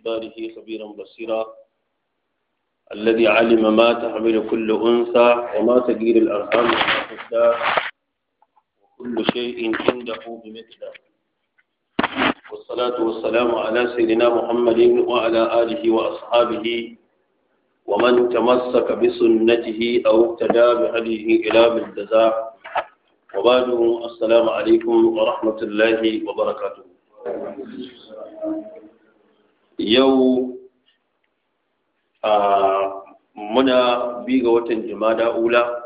عباده خبيرا بصيرا الذي علم ما تحمل كل أنثى وما تدير الأرحام وما تزداد وكل شيء عنده بمقدار والصلاة والسلام على سيدنا محمد وعلى آله وأصحابه ومن تمسك بسنته أو اقتدى بهديه إلى بالجزاء وبعده السلام عليكم ورحمة الله وبركاته yau a muna bi ga watan jimada ula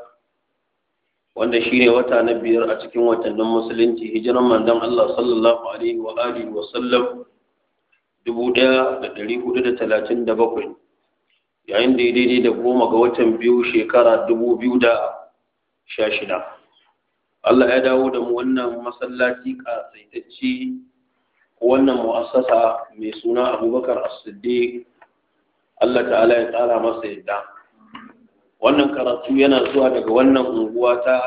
wanda shi ne wata na biyar a cikin watannin musulunci hijiran mandan Allah sallallahu alaihi wa alihi wa sallam 1437 yayin da daidai da goma ga watan biyu shekara 2016 Allah ya dawo da mu wannan masallaci ƙasaitacce wannan mu'assasa mai suna abubakar as-siddiq Allah ta'ala ya tsara masa yadda wannan karatu yana zuwa daga wannan unguwa ta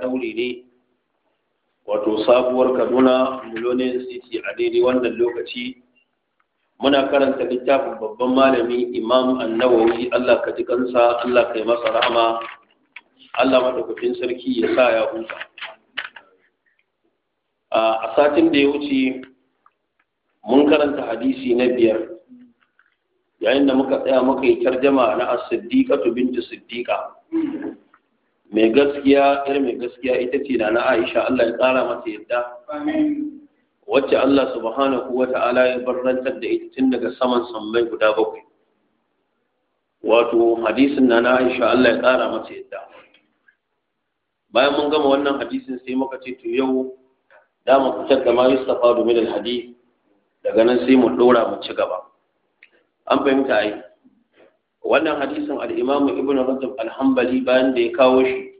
daure ne wato sabuwar kaduna milonian city a daidai wannan lokaci muna karanta littafin babban malami imam annawawi allah ka ji kansa allah ka yi masa rahama allah madaukakin sarki ya sa ya huta a satin da ya wuce mun karanta hadisi na biyar yayin da muka tsaya muka yi tarjama na as-siddiqatu bintu siddiqa mai gaskiya ir mai gaskiya ita ce na Aisha Allah ya tsara mata yadda wacce Allah subhanahu wata'ala ya barrantar da ita tun daga saman sammai guda bakwai wato hadisin na Aisha Allah ya tsara mata yadda bayan mun gama wannan hadisin sai muka ce to yau da mu fitar da ma Yusufa domin al-hadith daga nan sai mu ɗora mu ci gaba an fahimta ai wannan hadisin al imam ibn rajab al-hanbali bayan da ya kawo shi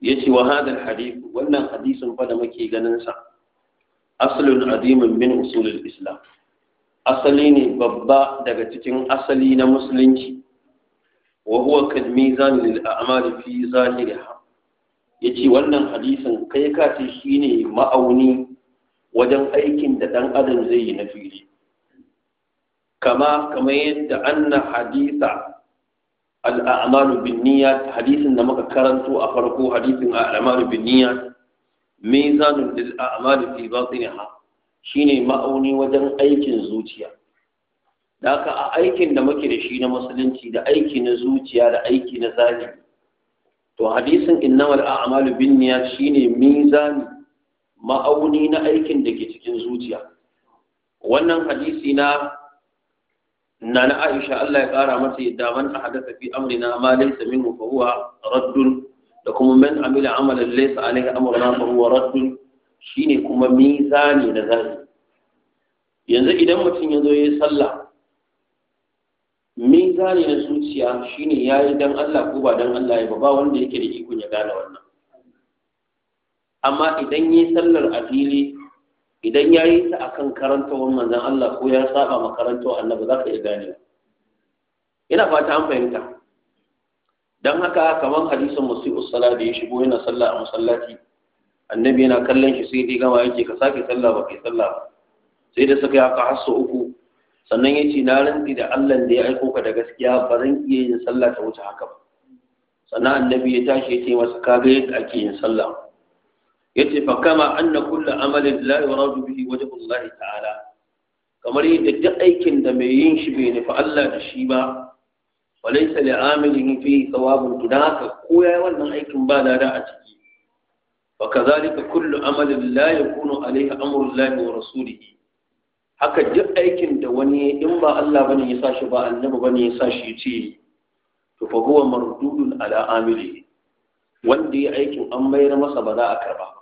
yace wa hadal hadith wannan hadisin fa da muke ganin sa aslun adimin min usulil islam asali ne babba daga cikin asali na musulunci wa huwa kad mizan lil a'mal fi zahiriha yace wannan hadisin kai ka ce shine ma'auni wajen aikin da ɗan adam zai yi na fili kama kamar yadda anna hadisa al'amalu bin niyyat hadisin da muka karanto a farko hadisin al'amalu bin niyyat mizanun lil a'mali fi batiniha shine ma'auni wajen aikin zuciya da ka a aikin da muke da shi na musulunci da aiki na zuciya da aiki na zahiri to hadisin innamal a'malu bin niyyat shine mizani ma'auni na aikin da ke cikin zuciya wannan hadisi na na na Aisha Allah ya kara mata yadda man ahdatha fi amrina ma laysa minhu fa huwa raddun da kuma man amila amalan laysa alayhi amruna fa huwa raddun shine kuma mizani na zani yanzu idan mutum ya zo yayi sallah mizani na zuciya shine yayi dan Allah ko ba dan Allah ya ba ba wanda yake da ikon ya gane wannan amma idan yi sallar a fili idan ya yi ta akan wannan, manzan Allah ko ya saba ma za ka iya gane ina fata an fahimta don haka kamar hadisin musu da ya shigo yana sallah a masallaci annabi yana kallon shi sai dai gama yake ka sake sallah ba kai sallah ba sai da suka yi haka har uku sannan ya ce na rantsi da Allah da ya aiko ka da gaskiya ba zan iya yin sallah ta wuce haka ba sannan annabi ya tashi ya ce masa ka ga yadda ake yin sallah yace fa kama anna kullu amalin la yuradu bihi wajhu Allah ta'ala kamar yadda duk aikin da mai yin shi bai nufi Allah da shi ba walaysa li amilin fi thawabun dan haka ko yayi wannan aikin ba lada a ciki fa kazalika kullu amalin la yakunu alayhi amru Allah wa rasulihi haka duk aikin da wani in ba Allah bane ya sa shi ba annabi bane ya sa shi ce to fa huwa mardudun ala amili wanda ya aikin an mayar masa ba za a karba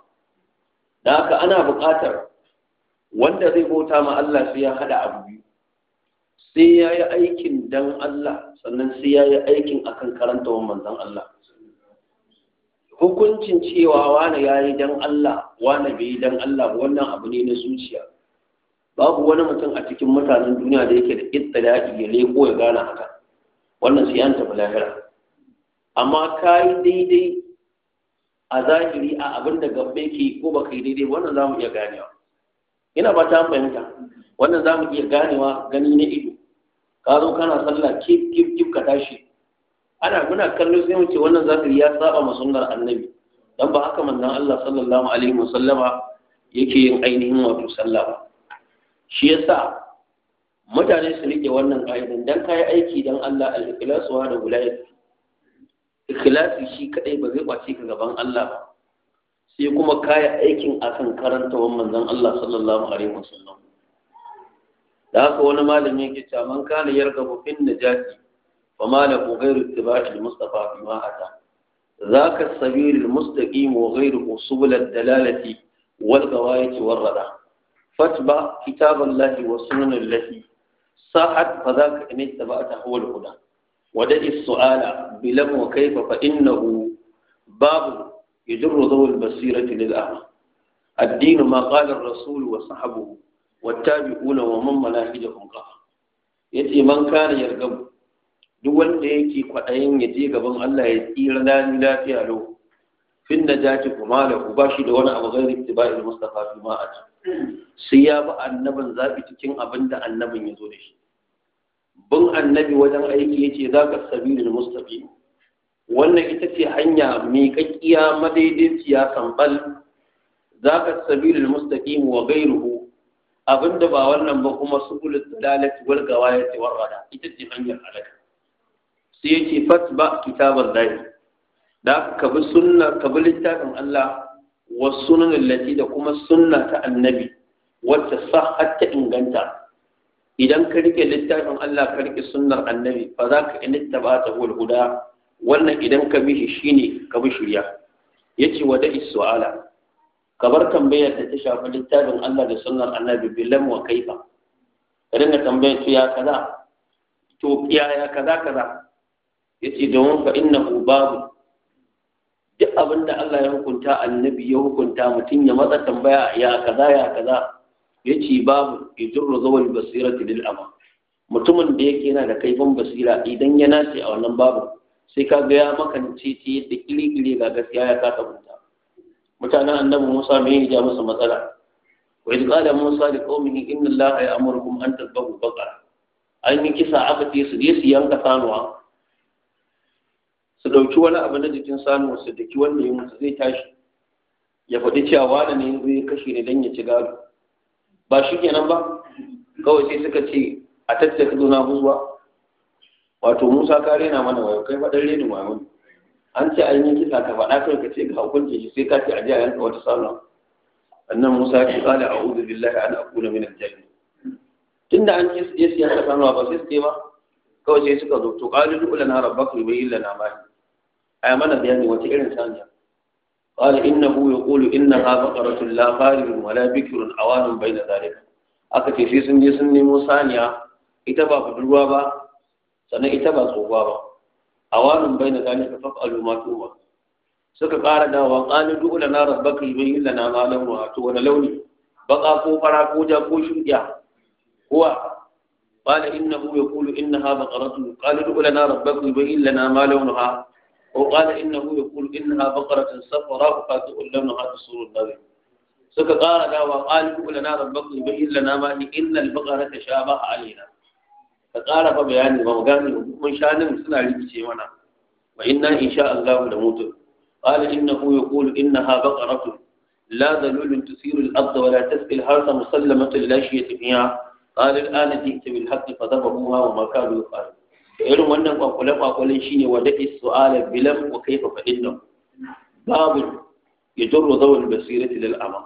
da haka ana buƙatar wanda zai bauta ma Allah sai ya haɗa abu biyu sai ya yi aikin dan Allah sannan sai ya yi aikin akan karantawan manzon Allah hukuncin cewa wani ya yi dan Allah wani bai yi dan Allah wannan abu ne na zuciya babu wani mutum a cikin mutanen duniya da yake da daɗi ya leko ya gane haka wannan sai an tafi lahira amma ka yi daidai a zahiri a abin da gabbe ke ko ba yi daidai wannan za mu iya ganewa ina ba ta fahimta wannan za mu iya ganewa gani na ido ka zo kana sallah kif kif kif ka tashi ana muna kallo sai mu wannan zahiri ya saba ma sunnar annabi dan ba haka manzon Allah sallallahu alaihi wasallama yake yin ainihin wato sallah ba shi yasa mutane su rike wannan ka'idan dan kai aiki dan Allah al-ikhlasu wa da gulayat ikhlasi shi kadai ba zai kwace ga gaban Allah ba sai kuma kaya aikin akan karanta wan manzon Allah sallallahu alaihi wasallam da haka wani malami yake cewa man kana yarda bu fin najati fa ma la bu ghairu ittiba'i al-mustafa fi ma ata zaka sabil al-mustaqim wa ghairu usul al-dalalati wal ghawayit war rada fatba kitab allahi wa sunan allahi sa'at fa zaka inni tabata huwa al-huda ودع السؤال بلم وكيف فإنه باب يجر ذو البصيرة للأعمى الدين ما قال الرسول وصحبه والتابعون ومن مناهجهم قام yace man kare yargabu duk wanda yake kwaɗayin ya je gaban Allah ya tsira lani lafiya lau fin najati kuma lahu ba shi da wani abu zai tibai al-mustafa fi ma sai ya bi annabin zabi cikin abin da annabin ya zo da shi bin annabi wajen aiki ce za yace zaka sabilul Mustafi. wannan ita ce hanya miƙaƙƙiya madaidaiciya sambal zaka sabilul mustaqim wa ruhu. abinda ba wannan ba kuma su subulul dalalati wal gawayati war rada ita ce hanyar halaka sai yace fatba kitaballahi da ka bi sunna kabi littafin Allah wa sunan allati da kuma sunna ta annabi wacce sahhat ta inganta idan ka rike littafin Allah ka rike sunnar annabi ba za ka initta ba ta huda wannan idan ka bi shi ne ka bi shirya yace wa da'i su'ala ka bar tambayar da ta shafi littafin Allah da sunnar annabi bilan wa kaifa ka tambayar su ya kaza to ya kaza kaza yace domin fa innahu babu duk abinda Allah ya hukunta annabi ya hukunta mutum ya matsa tambaya ya kaza ya kaza yace babu yajru zawal basirati bil ama mutumin da yake yana da kaifin basira idan ya nace a wannan babu sai ka ga ya makance ce yadda kili ga gaskiya ya kasa mutu mutanen annabi Musa mai ya ja masa matsala wa idza qala Musa li qaumihi inna Allaha ya'murukum an tadhbahu baqara an yi kisa aka ce su je su yanka sanuwa su dauki wani abu na jikin sanuwa su daki wanda ya mutu zai tashi ya faɗi cewa wani ne zai kashe ne dan ya ci gado ba shi kenan ba kawai sai suka ce a tattaka duna huzuwa wato musa ka rena mana wayo kai faɗin renin wayo an ce an yi kisa ka faɗa kai ka ce ka hukuncin shi sai ka ce a ji a yanka wata sallah annan musa ya ce kala a'udhu billahi an aqula min al-jannah tunda an ce ya siya ka sanwa ba sai suke ba kawai sai suka zo to qalu lana rabbaka yubayyin lana ma ai mana bayani wata irin sanya قال إنه يقول إنها بقرة لا فارغ ولا بكر عوان بين ذلك ba budurwa ba, sannan ita ba بدروابا سنة إتبع صوبابا عوان بين ذلك فقالوا ما توما suka ƙara dawa ƙani duk da na rabba yi bai lana malam wa to wani launi baka ko fara ko ja ko shuɗiya kuwa qala innahu yaqulu innaha baqaratun qala duk da na rabba yi bai lana malam wa وقال إنه يقول إنها بقرة صفراء فاتئ لونها تسر النبي suka ƙara dawa ƙalibu lana rabbaka yubayyin lana ma ni innal baqara tashabaha alaina ka ƙara fa bayani ba magana mun shanin suna rikice mana wa inna insha Allah la mutu qala innahu yaqulu innaha baqaratun la dalulun tusiru al-ard wa la tasqi al-harsa musallamatun la shiyata fiha qala al-ana ji'ta wa ma kadu da irin wannan kwakwale kwakwalen shine wa da'i su'alar bilan ko kai fa innam babu yajru zawal basirati lil ama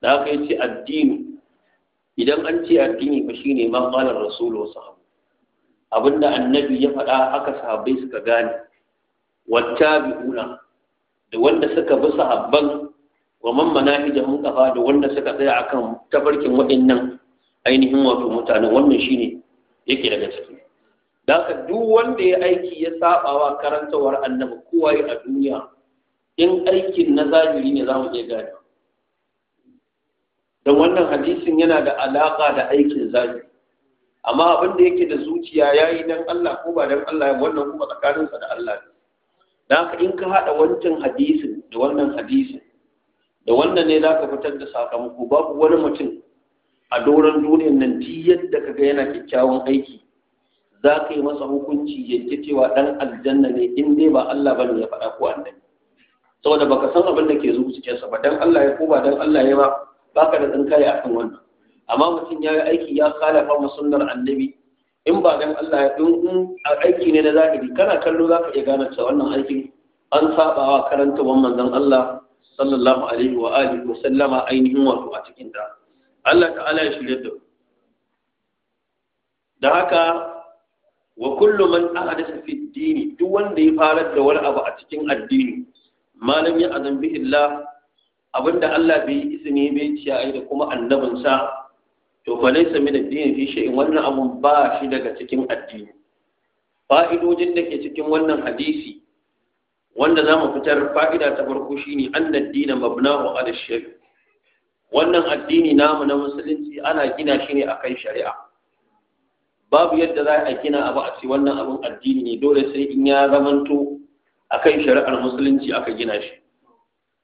da yi ce addini idan an ce addini fa shine ne mamalar rasulu wa sahabu abinda annabi ya faɗa aka sahabbai suka gane wattabi'una da wanda suka bi sahabban wa man manahijahum kafa da wanda suka tsaya akan tafarkin waɗannan ainihin wato mutane wannan shine yake daga ciki da ka duk wanda ya aiki ya sabawa karantawar annabi kowa yi a duniya in aikin na zahiri ne za mu iya gani don wannan hadisin yana da alaka da aikin zahiri amma abin da yake da zuciya ya yi don Allah ko ba don Allah ya wannan kuma tsakaninsa da Allah ne da haka in ka haɗa wancan hadisin da wannan hadisin da wannan ne za ka fitar da sakamako babu wani mutum a doron duniyar nan ti yadda ka ga yana kyakkyawan aiki za ka yi masa hukunci ke cewa ɗan aljanna ne in dai ba Allah ne ya faɗa ko annabi saboda baka san abin da ke zuciyarsa ba dan Allah ya ko ba dan Allah ya ba baka da tsinkaye akan wannan amma mutum ya yi aiki ya kalafa musullar annabi in ba dan Allah ya in aiki ne na zahiri kana kallo zaka iya gane cewa wannan aikin an sabawa karantawan manzon Allah sallallahu alaihi wa alihi wa sallama ainihin wato a cikin ta Allah ta'ala ya shirye da da haka wa kullu man ahdatha fi duk wanda ya farar da wani abu a cikin addini malam ya azan bi illah abinda Allah bai yi izini bai ci ayi da kuma annabinsa to fa laysa min ad-din fi shay'in wannan abu ba shi daga cikin addini fa'idojin da ke cikin wannan hadisi wanda za mu fitar fa'ida ta farko shine anna ad-din mabnahu ala shari'a wannan addini namu na musulunci ana gina shi ne akan shari'a babu yadda za a gina abu a ce wannan abin addini ne dole sai in ya zamanto a kan shari'ar musulunci aka gina shi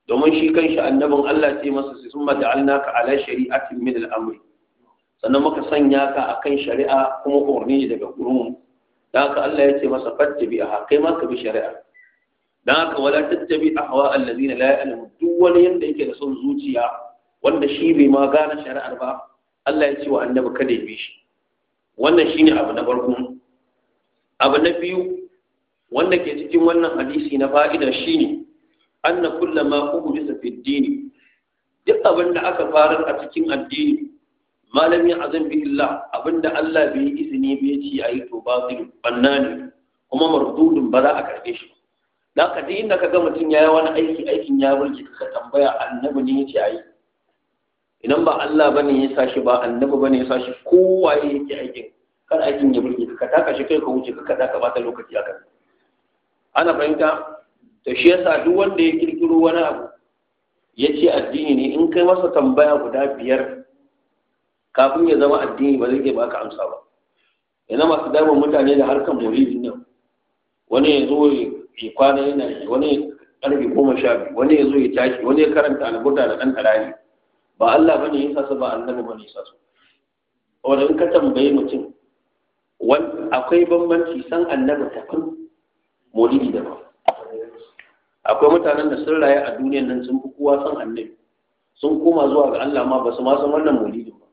domin shi kan shi annabin Allah ce masa su sun mata'alna ka ala shari'atin min al'amri sannan muka sanya ka a kan shari'a kuma umarni daga gurin da haka Allah ya ce masa fattabi a kai ma ka bi shari'a da haka wala tattabi ahwa allazina la ya'lamu duk wani yanda yake da son zuciya wanda shi bai ma gane shari'ar ba Allah ya ce wa annabi kada ya bi shi wannan shine abu na farko abu na biyu wanda ke cikin wannan hadisi na fa'ida shine anna kullama uhdisa fi dini duk abin da aka fara a cikin addini malami azan bi illa abinda Allah bai yi izini bai ci ayi to batil banna ne kuma mardudun ba za a karbe shi da ka ji ka ga mutum yayi wani aiki aikin ya burge ka tambaya annabi ne yace ayi idan ba Allah ne ya sa shi ba annabi ne ya sa shi kowa yake aikin kar aikin ya burge ka taka shi kai ka wuce ka kada ka bata lokaci akan ana fahimta to shi yasa duk wanda ya kirkiro wani abu ya ce addini ne in kai masa tambaya guda biyar kafin ya zama addini ba zai iya baka amsa ba yana masu damar mutane da harkar muridin nan wani ya zo ya kwana yana wani ya karfe goma sha biyu wani ya zo ya tashi wani ya karanta albuta da ɗan ƙarari ba Allah bane ya sa su ba annabi bane ya sa su wanda in ka tambaye mutum akwai bambanci san annabi tafin maulidi da ba akwai mutanen da sun raye a duniyan nan sun fi kowa san annabi sun koma zuwa ga Allah ma ba su ma san wannan maulidin ba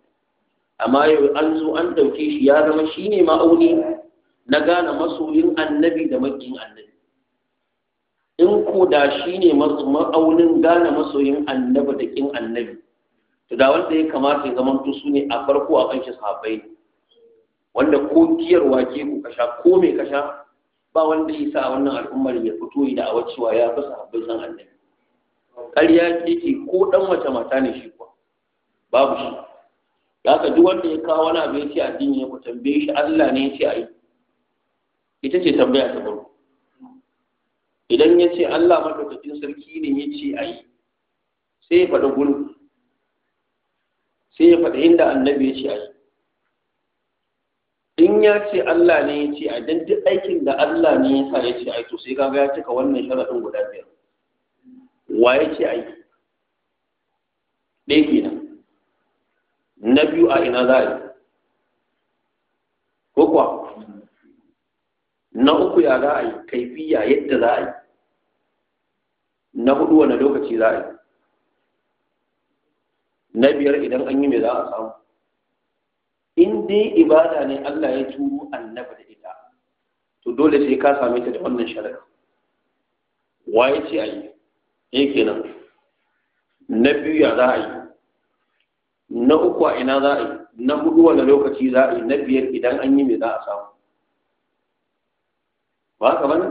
amma yau an zo an dauke shi ya zama shine ma'auni na gane masoyin annabi da makin annabi in ko da shine ma'aunin gane masoyin annabi da kin annabi to da wanda ya kamata ya zama to su ne a farko a kan shi sahabbai wanda ko kiyarwa ke ku kasha ko mai kasha ba wanda ya sa wannan al'ummar ya fito da a wacewa ya fi sahabbai san annabi ƙarya ke ko dan wata mata ne shi kuwa babu shi da haka duk wanda ya kawo wani abu ya ce addini ya ku tambaye shi Allah ne ya ce ayi ita ce tambaya ta farko idan ya ce Allah madaukakin sarki ne ya ce ayi sai ya faɗa gurbi sai ya faɗi inda annabi ya ce a yi in ya ce Allah ne ya ce a dan duk aikin da Allah ne ya sa ya ce a yi to sai kaga ya cika wannan sharaɗin guda biyar wa ya ce a yi ɗaya kenan na biyu a ina za a yi ko kuwa na uku ya za a yi kaifiya yadda za a yi na hudu wani lokaci za a yi na biyar idan an yi me za a samu in dai ibada ne Allah ya turo annabi da ita to dole sai ka same ta da wannan shari'a waye ce ayi ke kenan na biyu ya za a yi na uku a ina za a yi na hudu wani lokaci za a yi na biyar idan an yi me za a samu ba ka bane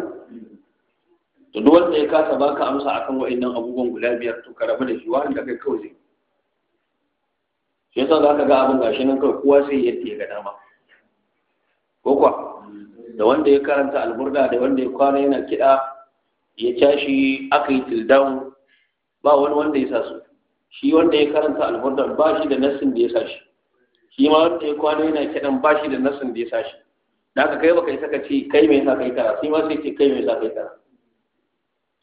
to duk wanda ya kasa baka amsa akan wa'annan abubuwan guda biyar to ka rabu da shi wanda kai kawai zai shi yasa za ka ga abin gashi nan kawai kowa sai yadda ya ga dama ko kuwa da wanda ya karanta alburda da wanda ya kwana yana kiɗa ya tashi aka yi tildown ba wani wanda ya sa su shi wanda ya karanta alburda ba shi da nassin da ya sa shi shi ma wanda ya kwana yana kiɗan ba shi da nassin da ya sa shi da aka kai baka isa ka ce kai mai sa kai tara shi ma sai ce kai mai sa kai tara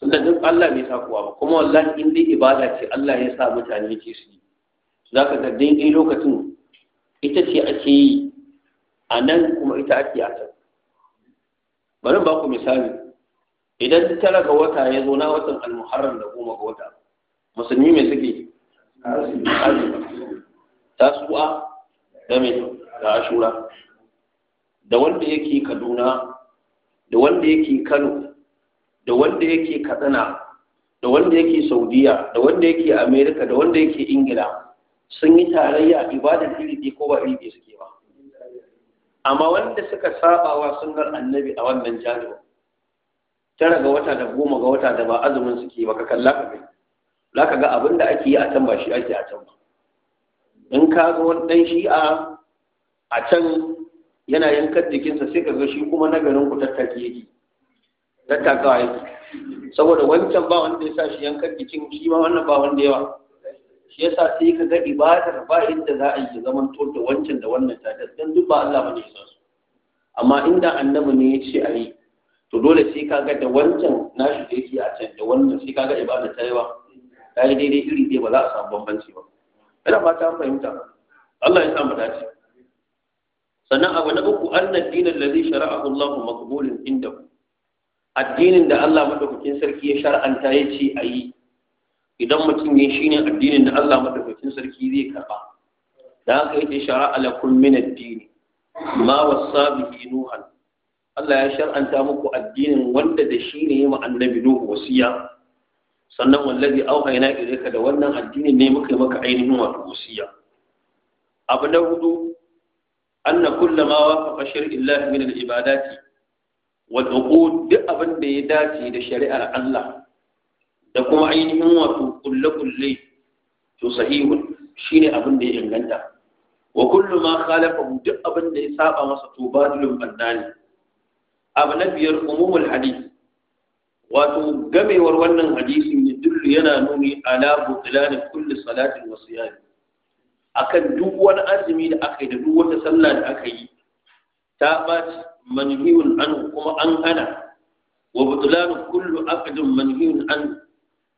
tunda duk Allah bai sa kowa ba kuma wallahi in dai ibada ce Allah ya sa mutane ce su yi za ka ga daidai lokacin ita ce ake yi a nan kuma ita ake a can bari ba ku misali idan tara ga wata ya zo na watan almuharram da goma ga wata musulmi mai suke ta tasu'a da mai da ashura da wanda yake kaduna da wanda yake kano da wanda yake katsina da wanda yake saudiya da wanda yake amerika da wanda yake ingila sun yi tarayya ibadar iri ɗaya ko ba iri ɗaya suke ba amma wanda suka saba wa sunnar annabi a wannan jami'a tara ga wata da goma ga wata da ba azumin suke ba ka kalla ka gani za ka ga abin da ake yi a can ba shi ake a can ba in ka ga wani ɗan shi'a a can yana yankar jikinsa sai ka ga shi kuma na garin ku tattaki yake tattakawa yake saboda wancan ba wanda ya sa shi yankar jikin shi ma wannan ba wanda yawa shi yasa sai ka ga ibadar ba inda za a yi zaman to wancan da wannan ta dan duk ba Allah bane ya su amma inda annabi ne ya ce a yi to dole sai ka ga da wancan shi da yake a can da wannan sai ka ga ibada ta yawa ta yi daidai iri ɗaya ba za a samu bambanci ba ina fata ta fahimta Allah ya sa mu dace sannan abu na uku annad dinin ladhi shara'ahu Allahu maqbulun indahu addinin da Allah madaukakin sarki ya shar'anta ya ce a yi idan mutum ne ne addinin da Allah madaukakin sarki zai karba da haka yake shara'a lakum min addini. ma wasa bihi nuhan Allah ya shar'anta muku addinin wanda da shi ne ma annabi nuhu wasiya sannan wallazi auhayna ilayka da wannan addinin ne muka yi maka ainihin wato wasiya abu na hudu anna kullama wafaqa shar'i Allah min al-ibadati wal duk abin da ya dace da shari'ar Allah da kuma ainihin wato kulle-kulle to sahihun shine abin da ya inganta wa kullu ma khalafahu duk abin da ya saba masa to ba badilun ne. abu na biyar umumul hadith wato gamewar wannan hadisi ne dullu yana nuni ala butlan kulli salatin wa siyam akan duk wani azumi da aka yi da duk wata sallah da aka yi ta baci manhiyun an kuma an hana wa butlan kullu aqdin manhiyun an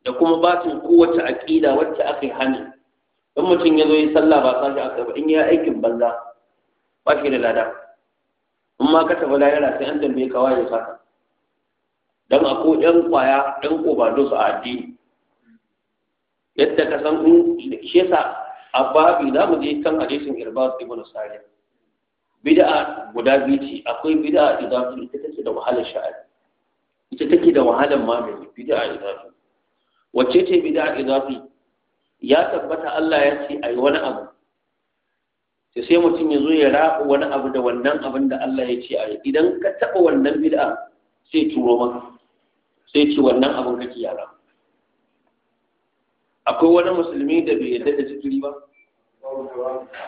da kuma batin kowace aƙida wacce aka yi hani Don mutum ya zo yi sallah ba sashi a ba in ya aikin banza ba shi da lada in ma ka taɓa layara sai an tambaye ka waye saka a akwai ɗan kwaya ɗan kobado su a addini yadda ka san in shi yasa a babi za mu je kan hadisin irbad ibn sariya bid'a guda biyu ce akwai bid'a idafi ita take da wahalar sha'ani ita take da wahalar mamaki bid'a idafi wacce ce bid'a idafi ya tabbata Allah ya ce ai wani abu sai sai mutum ya zo ya rabu wani abu da wannan abin da Allah ya ce ai idan ka taba wannan bid'a sai turo maka sai ce wannan abin ke yara akwai wani musulmi da bai yarda da zikiri ba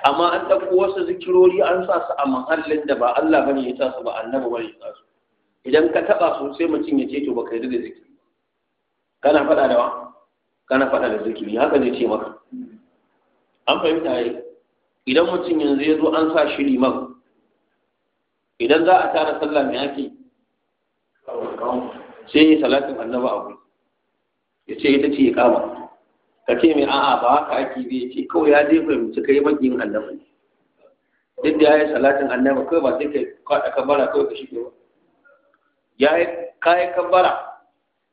amma an ɗauko wasu zikirori an sa su a mahallin da ba Allah bane ya sa su ba annabi bane ya sa su idan ka taba su sai mutum ya ce to baka yarda da zikiri kana faɗa da wa kana faɗa da zikiri haka zai ce maka an fahimta yi idan mutum yanzu ya zo an sa shi liman idan za a tara sallah mai ake sai ya salatin annaba abu ya ce ita ce ya kama ka ce mai a'a ba haka ake zai ce kawai ya zai fahimci kai makiyin annaba ne duk da ya yi salatin annaba kawai ba sai ka kwaɗa kabara kawai ka shige ba ya yi kayan kabara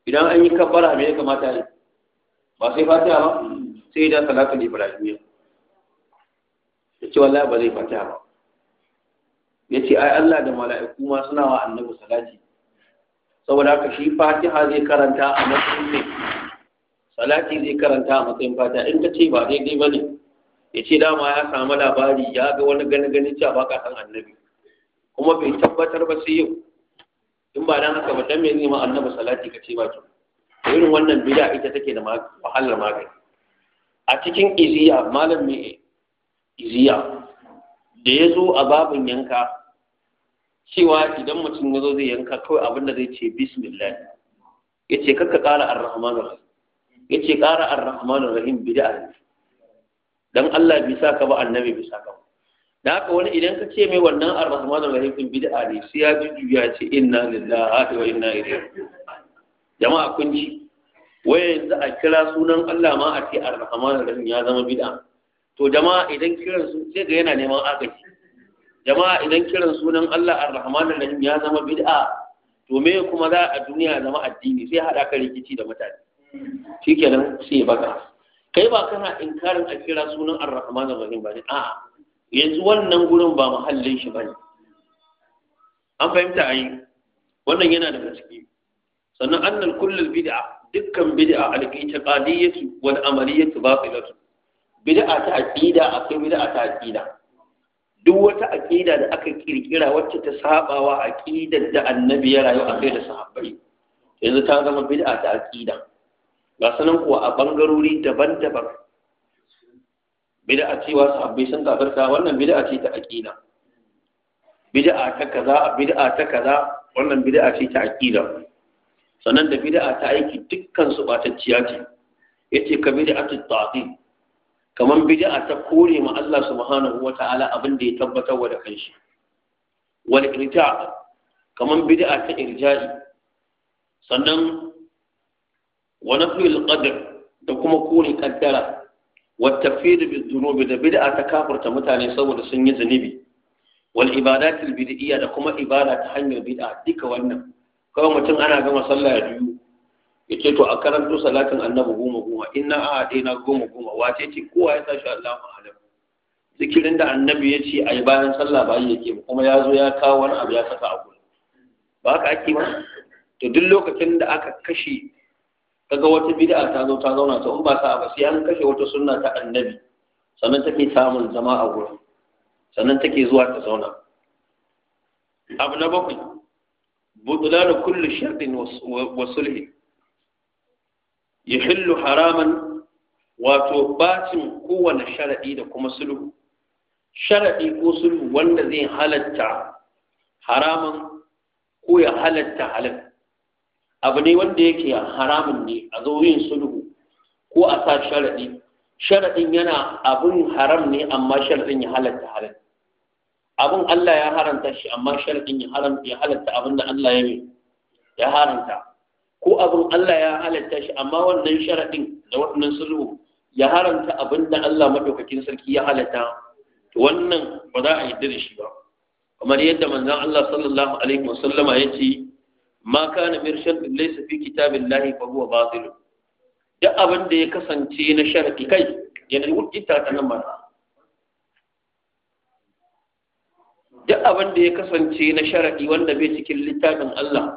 idan an yi kafara me ya kamata yi ba sai fatiha ba sai idan ne fara ibrahimiyya ya ce wallahi ba zai fatiha ba ya ce ai Allah da mala'iku ma suna wa annabi salati saboda haka shi fatiha zai karanta a matsayin ne salati zai karanta a matsayin fatiha in ka ce ba daidai ba ne ya ce dama ya samu labari ya ga wani gani gani cewa ba ka san annabi kuma bai tabbatar ba sai yau in ba dan haka ba dan me nima ma annabi salati kace ba to irin wannan bid'a ita take da wahalar magani a cikin iziya malam mai iziya da ya zo a babin yanka cewa idan mutum ya zo zai yanka kawai abin da zai ce bismillah ya ce kakka ƙara ar rahim ya ce ƙara ar rahim bid'a ne dan Allah bai sa ka ba annabi bai sa ka ba da haka wani idan ka ce mai wannan arrahman arrahim din bid'a ne sai ya juya ce inna lillahi wa inna ilaihi jama'a kun ji wai yanzu a kira sunan Allah ma a ce arrahman arrahim ya zama bid'a to jama'a idan kiran su sai ga yana neman agaji jama'a idan kiran sunan Allah arrahman arrahim ya zama bid'a to me kuma za a duniya zama addini sai hada ka rikici da mutane shikenan sai baka kai ba kana inkarin a kira sunan arrahman arrahim ba ne a'a yanzu wannan gurin ba muhallin shi ba ne. an fahimta ai wannan yana da gaske. sannan annal kullul bid'a dukkan bid'a al-i'tiqadiyyatu wal amaliyatu batilatu bid'a ta aqida akwai bid'a ta aqida duk wata aqida da aka kirkira wacce ta sabawa aqidar da annabi ya rayu akai da sahabbai yanzu ta zama bid'a ta aqida ga sanan kuwa a bangarori daban-daban bid'a cewa sahabbai sun kafirta wannan bid'a ce ta aqida bid'a ta kaza bid'a ta kaza wannan bid'a ce ta aqida sannan da bid'a ta aiki dukkan su batacciya ce yace ka bid'atu ta'til kaman bid'a ta kore ma Allah subhanahu wata'ala abin da ya tabbatar wa da kanshi wal irja kaman bid'a ta irja'i sannan wa nafil qadr da kuma kore kaddara والتكفير بالذنوب ده بدعة تكافر تمتاني سوى سنية ذنبي والعبادات البدئية ده كما عبادة حنية بدعة ديك وانا كما متن أنا كما صلى يديو yace to a karanto salatin annabi goma goma inna a daina goma goma wace ce kowa ya tashi Allahu alam zikirin da annabi ya ce ai bayan sallah ba yake ba, kuma ya zo ya kawo wani abu ya saka a gurin ba haka ake ba to duk lokacin da aka kashe kaga wata bid'a ta zo ta zauna ta in ba sa ba sai an kashe wata sunna ta annabi sannan take samun zama a gurin sannan take zuwa ta zauna abu na bakwai butlanu kullu sharrin wa sulhi yahillu haraman wato bacin kowane sharadi da kuma sulhu sharadi ko sulhu wanda zai halatta haraman ko ya halatta halal abu ne wanda yake haramun ne a zo yin sulhu ko a sa sharaɗi sharaɗin yana abun haram ne amma sharaɗin ya halatta halal abun Allah ya haranta shi amma sharaɗin ya haram ya halatta abin da Allah ya ya haranta ko abun Allah ya halatta shi amma wannan sharaɗin da wannan sulhu ya haranta abin da Allah madaukakin sarki ya halatta wannan ba za a yarda da shi ba kamar yadda manzon Allah sallallahu alaihi wasallama ya ce ma kana mirshad laysa fi kitabillahi fa huwa batil duk abin da ya kasance na sharadi kai yana wuce ta nan mata duk abin da ya kasance na sharadi wanda bai cikin littafin Allah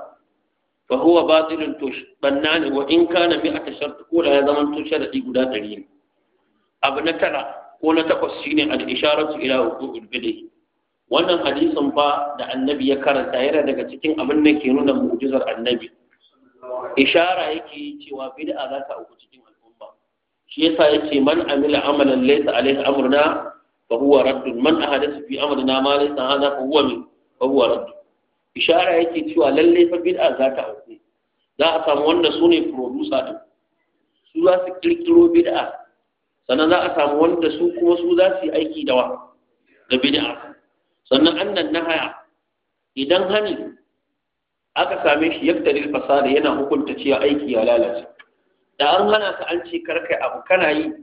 fa huwa batil to banna ne wa in kana mi'ata shart ko da ya zama to sharadi guda ne. abu na tara ko na takwas shine al-isharatu ila wuqu'il bid'ah wannan hadisin ba da annabi ya karanta yana daga cikin abin da ke nuna mu'jizar annabi ishara yake yi cewa bid'a za ta auku cikin al'umma shi yasa yake man amila amalan laysa alayhi amruna fa huwa radd man ahadatha fi amrina ma laysa hadha fa huwa min fa huwa radd ishara yake cewa lalle fa bid'a za ta auku za a samu wanda su ne producer din su za su kirkiro bid'a sannan za a samu wanda su kuma su za su yi aiki da wa da bid'a sannan annan na haya, idan hani aka same shi yaftaril fasada yana hukunta cewa aiki ya lalace da an hana ka an ce karkai abu kana yi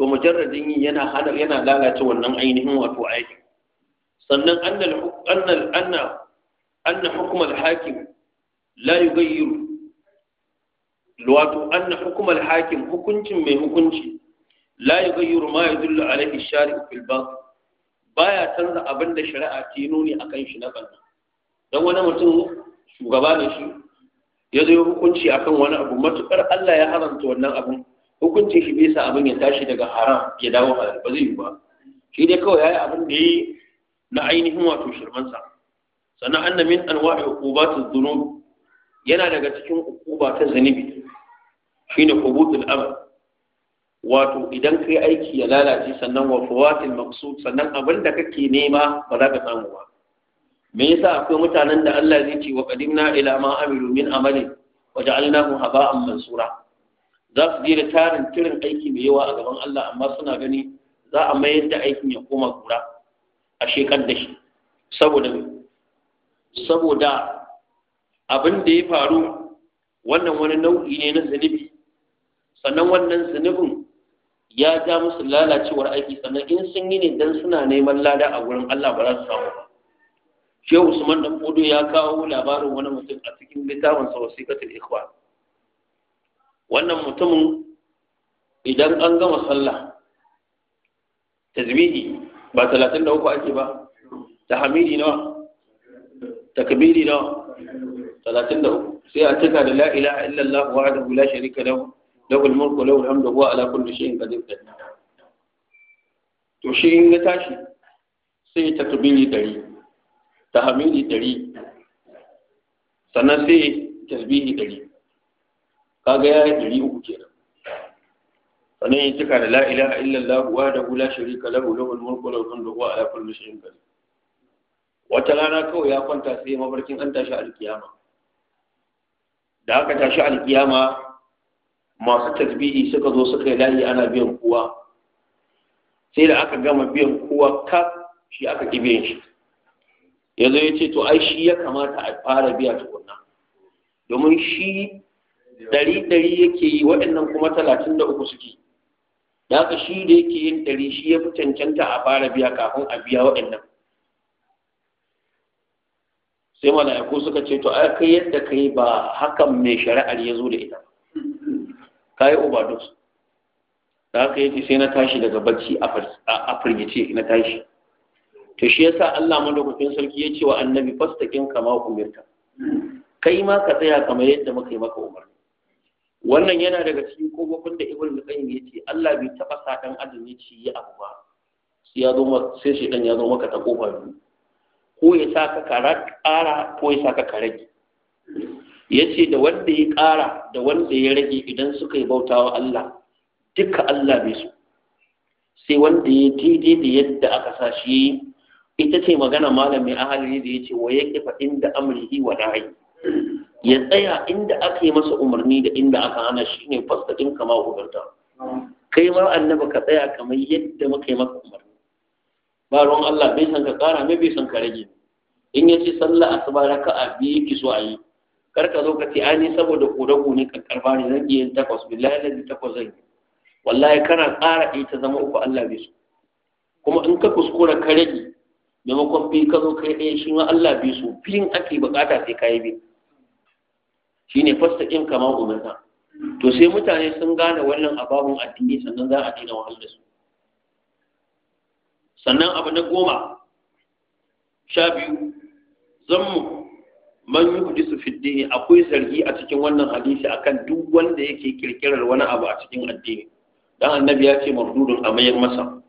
to mujarradin yi yana hana yana lalace wannan ainihin wato aiki sannan annal annal anna anna hukm al hakim la yughayyiru wato anna hukm hakim hukuncin mai hukunci la yughayyiru ma yadullu alaihi shari'u fil batil baya canza abin da shari'a ta yi nuni akan shi na banna don wani mutum shugaba ne shi ya zo hukunci akan wani abu matukar Allah ya haramta wannan abin. hukuncin shi bai sa abin ya tashi daga haram ya dawo halal ba zai yi ba shi dai kawai yayi abin da yi na ainihin wato shirmansa sannan anna min anwa'i uqubatiz dhunub yana daga cikin uquba ta zanibi shine hubutul amr wato idan kai aiki ya lalace sannan wa fawatil maqsud sannan abin da kake nema ba za ka samu ba me yasa akwai mutanen da Allah zai ce wa qadimna ila ma amilu min amali wa ja'alnahu haba'an mansura za su je tarin tirin aiki mai yawa a gaban Allah amma suna gani za a mayar da aikin ya koma kura a shekar da shi saboda saboda abin da ya faru wannan wani nau'i ne na zunubi sannan wannan zunubin ya ja musu lalacewar aiki sannan in sun yi ne dan suna neman lada a wurin Allah ba za su samu ba shehu usman dan kodo ya kawo labarin wani mutum a cikin littafin sa wasiqatul ikhwan wannan mutumin idan an gama sallah tasbihi ba talatin da uku ake ba tahmidi nawa takbiri nawa uku. sai a cika da la ilaha illallah wahdahu la sharika lahu lahul mulku lahul hamdu huwa ala kulli shay'in qadir to shi in ya tashi sai ta takbiri dari ta hamili dari sannan sai tasbihi dari kaga ya yi dari uku kenan sannan ya cika da la ilaha illallah wahdahu la sharika lahu lahu mulku lahul hamdu wa ala kulli shay'in qadir wata rana kawai ya kwanta sai mabarkin an tashi alkiyama da aka tashi alkiyama masu tasbihi suka zo suka yi ana biyan kowa sai da aka gama biyan kowa ka shi aka ki biyan shi ya zai ya ce to ai shi ya kamata a fara biya tukunna domin shi ɗari ɗari yake yi waɗannan kuma talatin da uku suke da aka shi da yake yin ɗari shi ya fi cancanta a fara biya kafin a biya waɗannan sai mala'iku suka ce to ai kai yadda kai ba hakan mai shari'ar ya zo da ita ka yi overdose da aka yi sai na tashi daga bacci a firgice na tashi to shi yasa Allah madaukakin sarki ya ce wa annabi fastakin kama umirka kai ma ka tsaya kamar yadda muka yi maka umarni wannan yana daga cikin kofofin da ibn qayyim ya ce Allah bai taba sa dan adam ya abu ba sai ya zo sai shi dan ya zo maka ta kofa ko ya saka ka ƙara ko ya saka ka rage ya ce da wanda ya ƙara da wanda ya rage idan suka yi bauta wa Allah duka Allah bai su sai wanda ya daidai da yadda aka sa shi yi ita ce magana malamin ahalini da ya ce wa ya kifa inda amrihi wa nahi ya tsaya inda aka yi masa umarni da inda aka hana shi ne fasadin kama umarta kai ma annabi ka tsaya kamar yadda muka yi maka umarni ba ruwan Allah bai san ka ƙara mai bai san ka rage in ya ce sallah asuba raka'a biyu yake so a yi kar ka zo ka ce yi saboda kore-kore kakkarfa ne zan iya yin takwas billahi lalli takwas zan yi wallahi kana tsara ɗaya ta zama uku Allah bai so kuma in ka kuskura ka rage maimakon bi ka zo kai ɗaya shi ma Allah bai so fiyin ake bukata sai ka yi bi shi ne fasta in kama umarna to sai mutane sun gane wannan ababun addini sannan za a daina wahal da su sannan abu na goma sha biyu zan mu. man yuhdisu fi dini akwai zargi a cikin wannan hadisi akan duk wanda yake kirkirar wani abu a cikin addini dan annabi ya ce mardudun a mayar masa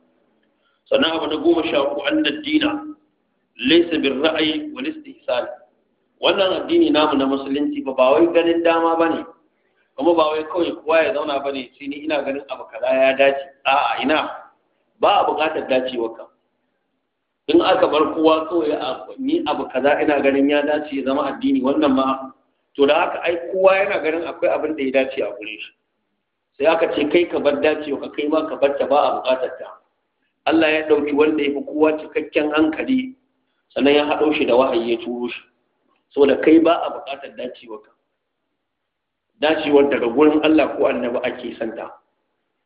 sannan abu na goma sha uku an dina laysa bir ra'ayi istihsan wannan addini namu na musulunci ba ba ganin dama bane kuma ba wai kawai kowa ya zauna bane sai ni ina ganin abu kaza ya dace a'a ina ba a bukatar dacewa kan in aka bar kowa kawai a ni abu kaza ina ganin ya dace ya zama addini wannan ma to da haka ai kowa yana ganin akwai abin da ya dace a gure shi sai aka ce kai ka bar dacewa kai ma ka bar ta ba a bukatar ta Allah ya ɗauki wanda ya fi kowa cikakken hankali sannan ya haɗo shi da wahayi ya turo shi saboda kai ba a buƙatar dacewa ka dacewar daga gurin Allah ko annabi ake santa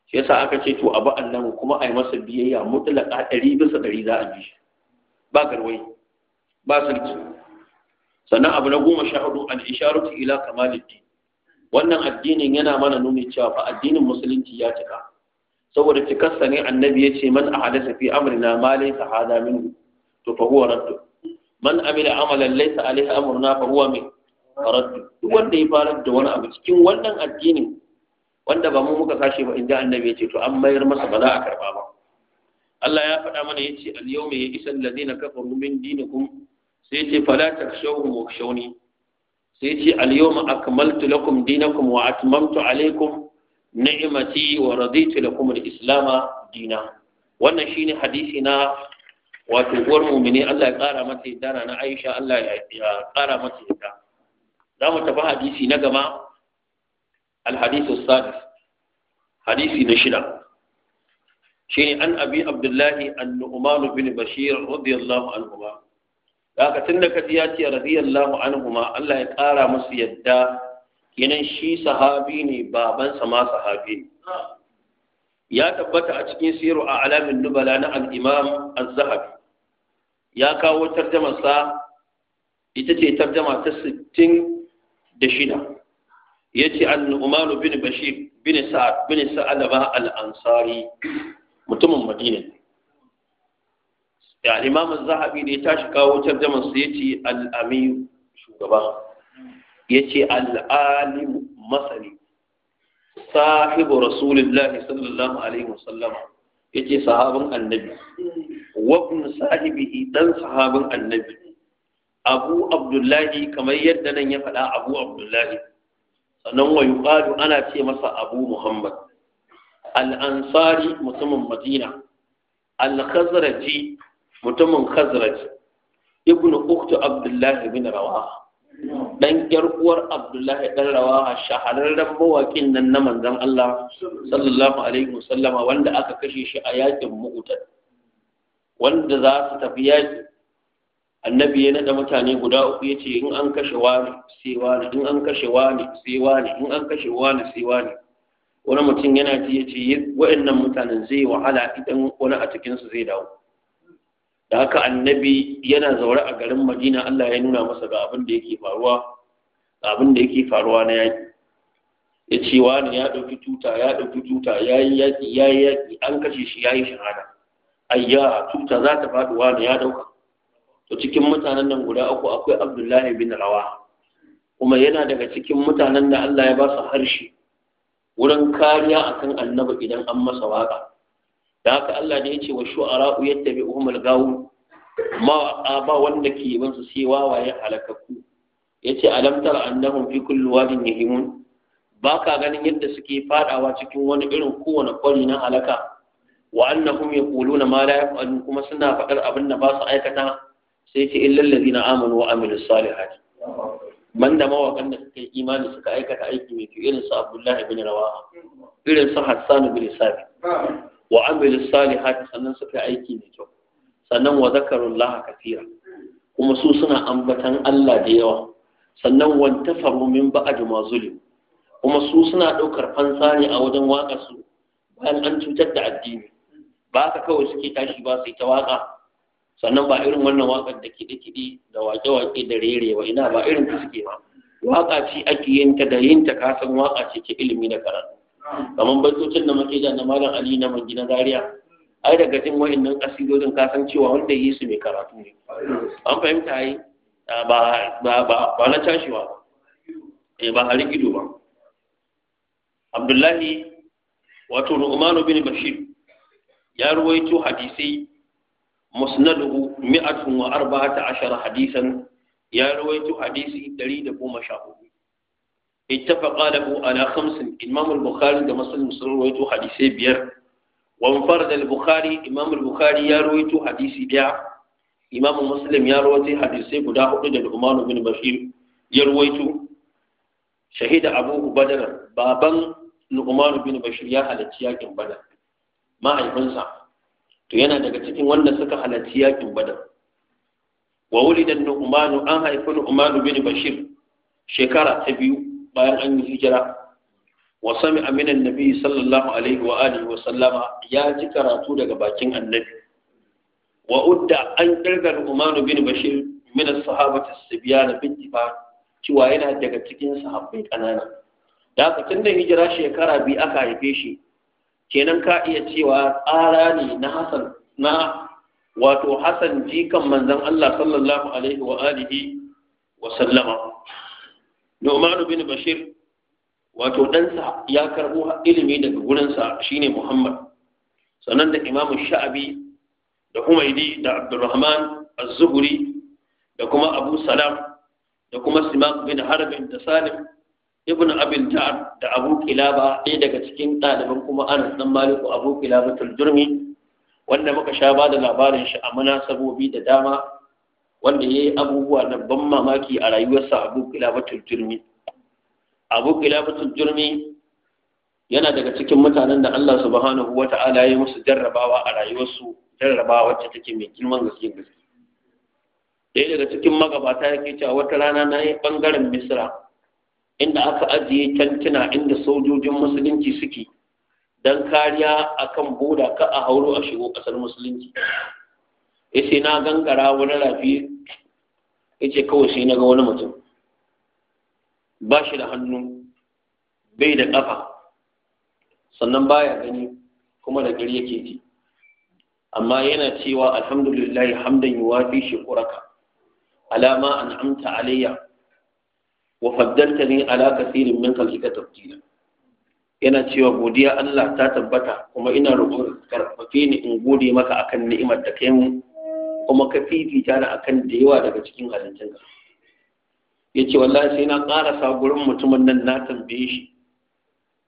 shi yasa aka ce to abu annabi kuma a yi masa biyayya mutlaka ɗari bisa ɗari za a bi shi ba garwai ba sulki sannan abu na goma sha hudu an isharatu ila kamaliddi wannan addinin yana mana nuni cewa fa addinin musulunci ya cika saboda cikarsa ne annabi ya ce man ahadasa fi amrina ma laysa hada minhu to fa huwa raddu man amila amalan laysa alaihi amruna fa huwa min raddu duk wanda ya fara da wani abu cikin wannan addinin wanda ba mu muka sashe ba inda annabi ya ce to an mayar masa ba za a karba ba Allah ya faɗa mana ya yace al-yawma ya'isal ladina kafaru min dinikum sai yace fala takshawhum shauni sai yace al-yawma akmaltu lakum dinakum wa atmamtu alaykum ni'mati wa raditu lakum da islam dina wannan shi ne hadisi na wato uwar mu'mini Allah ya kara mata dana na Aisha Allah ya ƙara mata yadda za mu tafi hadisi na gama al sadis hadisi na shida shine an abi abdullahi an-nu'man bin bashir radiyallahu anhu ba haka tunda kaji ya ce radiyallahu anhu ma Allah ya ƙara musu yadda kenan shi sahabi ne babansa ma sahabi ne ya tabbata a cikin siru a alamin nubala na al-imam az-zahabi ya kawo tarjamarsa ita ce tarjama ta sittin da shida ya ce an umar bin bashir bin sa'ad bin al-ansari mutumin madina ne ya imamu zahabi da ya tashi kawo tarjaman su ya al-amiyu shugaba Ya ce alimu masani sahibu rasulillahi sallallahu alaihi wasallam yace sahabin annabi wa ibn sahibihi dan sahabin annabi abu abdullahi kamar yadda nan ya faɗa abu abdullahi sannan wa yuqalu ana ce masa abu muhammad Al'ansari mutumin madina al-khazraji mutumin Khazraji, Ibn uktu abdullahi bin rawaha dan yar uwar abdullahi dan rawaha shahararren mawaƙin nan na manzon Allah sallallahu alaihi wasallama wanda aka kashe shi a yakin mu'tad wanda za su tafi yaki annabi ya nada mutane guda uku yace in an kashe wani sai wani in an kashe wani sai wani in an kashe wani sai wani wani mutum yana ji ya ce wa'annan mutanen zai wahala idan wani a cikinsu zai dawo da haka annabi yana zaure a garin madina allah ya nuna masa ga abin da yake faruwa abin da yake faruwa na yaƙi ya ce wani ya ɗauki tuta ya ɗauki tuta ya yi yaƙi ya yi yaƙi an kashe shi ya yi shahada ayya tuta za ta faɗi wani ya ɗauka to cikin mutanen nan guda uku akwai abdullahi bin rawa kuma yana daga cikin mutanen da allah ya ba su harshe wurin kariya akan annabi idan an masa waka da haka Allah ne ya ce wa shu'ara'u yattabi'uhum al-gawu a ba wanda ke yi su sai wawaye halakakku ya ce alamtar annahum fi kulli wadin yahimun ba ka ganin yadda suke fadawa cikin wani irin kowane kwari na halaka wa annahum yaquluna ma la yaf'alun kuma suna faɗar abin da ba su aikata sai ce illal ladina amanu wa amilus salihati banda mawakan da suka yi imani suka aikata aiki mai kyau irin su Abdullahi bin Rawaha irin su Hassan bin Sabi wa amilu salihat sannan suka yi aiki mai kyau sannan wa zakarullaha kathira kuma su suna ambatan Allah da yawa sannan wa tafaru min ba'd ma zulim kuma su suna daukar fansa ne a wajen waka su bayan an cutar da addini ba ka kawai suke tashi ba sai ta waka sannan ba irin wannan waƙar da kiɗe-kiɗe da waƙe-waƙe da rerewa ina ba irin ta suke ba waƙa ce ake yin ta da yin ta kasan waƙa ce ta ilimi da karatu kamar baitocin da muke da na malam ali na mangi na Zariya, ai daga jin wa'annan asirorin kasan cewa wanda yi su mai karatu ne an fahimta yi ba ba na cashewa ba eh ba hari ido ba abdullahi wato nu'manu bin bashir ya ruwaito hadisai musnaduhu mi'atun wa arba'ata ashara hadisan ya rawaito hadisi dari da 114 ittafaqa lahu ala khamsin imam al-bukhari da muslim sun rawaito hadisi biyar wa munfarad al-bukhari imam al-bukhari ya rawaito hadisi daya imam muslim ya rawaito hadisi guda hudu da Umar bin Bashir ya rawaito shahida Abu Badr baban Nu'man bin Bashir ya halarci yakin Badar mahaifinsa to yana daga cikin wanda suka halarci yakin badar wa wulida nu'manu an haifi nu'manu bin bashir shekara ta biyu bayan an yi hijira wa sami aminan nabi sallallahu alaihi wa alihi wa sallama ya ji karatu daga bakin annabi wa udda an kirga nu'manu bin bashir min as-sahabati as-sibyan bin tifa cewa yana daga cikin sahabbai kanana da haka da hijira shekara biyu aka haife shi kenan ka iya cewa tsara ne na hasan na wato hasan jikan manzan Allah sallallahu alaihi wa alihi wa sallama Nu'man bin Bashir wato ɗansa ya karɓo ilimi daga gurinsa shine Muhammad sannan da Imam Sha'abi da Humaydi da Abdurrahman Az-Zuhri da kuma Abu Salam da kuma Simak bin Harbin da Salim ibn abin da abu kilaba ɗaya daga cikin ɗaliban kuma an san maliku abu kilaba tuljurmi wanda muka sha ba da labarin shi a munasabobi da dama wanda ya yi abubuwa na ban mamaki a rayuwarsa abu kilaba tuljurmi abu kilaba tuljurmi yana daga cikin mutanen da allah subhanahu wa ta'ala ya musu jarrabawa a rayuwarsu jarrabawa wacce take mai girman gaske gaske ɗaya daga cikin magabata ya ke cewa wata rana na yi ɓangaren misra inda aka ajiye tantuna inda sojojin musulunci suke don kariya akan boda ka a hauro a shigo kasar musulunci Ya sai na gangara wani rafi ce kawai sai na ga wani mutum ba shi da hannu bai da ƙafa sannan baya gani kuma da gari yake ji amma yana cewa Alhamdulillahi hamdan shi shukuraka alama an'amta alayya wa faddaltani ala kathirin min khalqika yana cewa godiya Allah ta tabbata kuma ina roƙon karfafe ni in gode maka akan ni'imar da kai mu kuma ka fifita ni akan da yawa daga cikin halittun ka yace wallahi sai na ƙarasa gurin mutumin nan na tambaye shi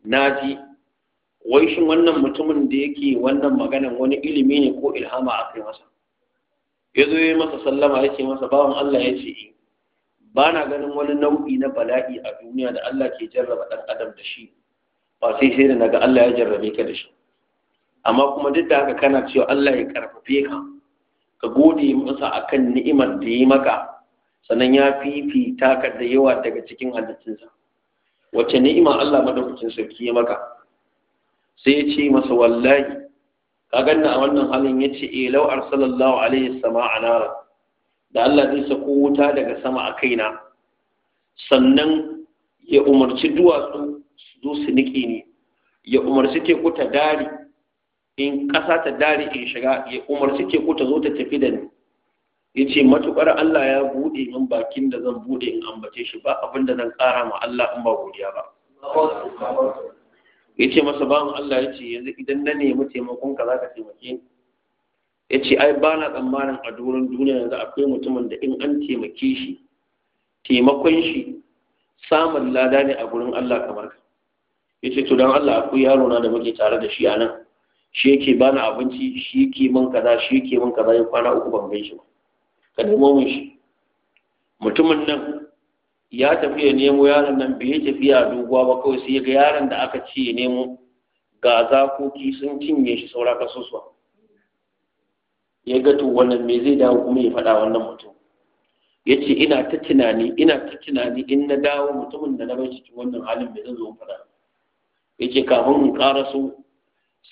naji wai shin wannan mutumin da yake wannan maganan wani ilimi ne ko ilhama a kai masa ya zo yi masa sallama ya masa bawan Allah ya ce ba na ganin wani nau'i na bala'i a duniya da Allah ke jarraba ɗan adam da shi ba sai sai da naga Allah ya jarrabe ka da shi amma kuma duk da haka kana cewa Allah ya karfafe ka ka gode masa akan ni'imar da ya maka sannan ya fifita ka da yawa daga cikin halittunsa wacce ni'ima Allah madaukakin sarki ya maka sai ya ce masa wallahi ka ganna a wannan halin ya ce eh law arsalallahu alaihi sama'a nara da Allah zai sako wuta daga sama a kaina sannan ya umarci duwatsu su zo su niƙe ni ya umarci teku ta dari in ƙasa ta dari in shiga ya umarci teku ta zo ta tafi da ni ya ce matuƙar Allah ya buɗe min bakin da zan buɗe in ambace shi ba abin da zan ƙara ma Allah in ba godiya ba ya ce masa bawan Allah ya ce yanzu idan na nemi taimakon ka za ka taimake ni ya ce ai ba na tsammanin a doron duniya yanzu akwai mutumin da in an taimake shi taimakon shi samun lada ne a gurin Allah kamar ka ya ce to don Allah akwai yaro na da muke tare da shi a nan shi yake ba na abinci shi yake min kaza shi yake min kaza ya kwana uku ban ba ka nemo min shi mutumin nan ya tafi ya nemo yaron nan bai tafiya doguwa ba kawai sai ga yaron da aka ce ya nemo ga zakoki sun cinye shi saura kasusuwa ya ga to wannan me zai dawo kuma ya faɗa wannan mutum ya ce ina ta tunani ina ta tunani in na dawo mutumin da na bai cikin wannan halin me zan zo mu faɗa ya ce kafin in su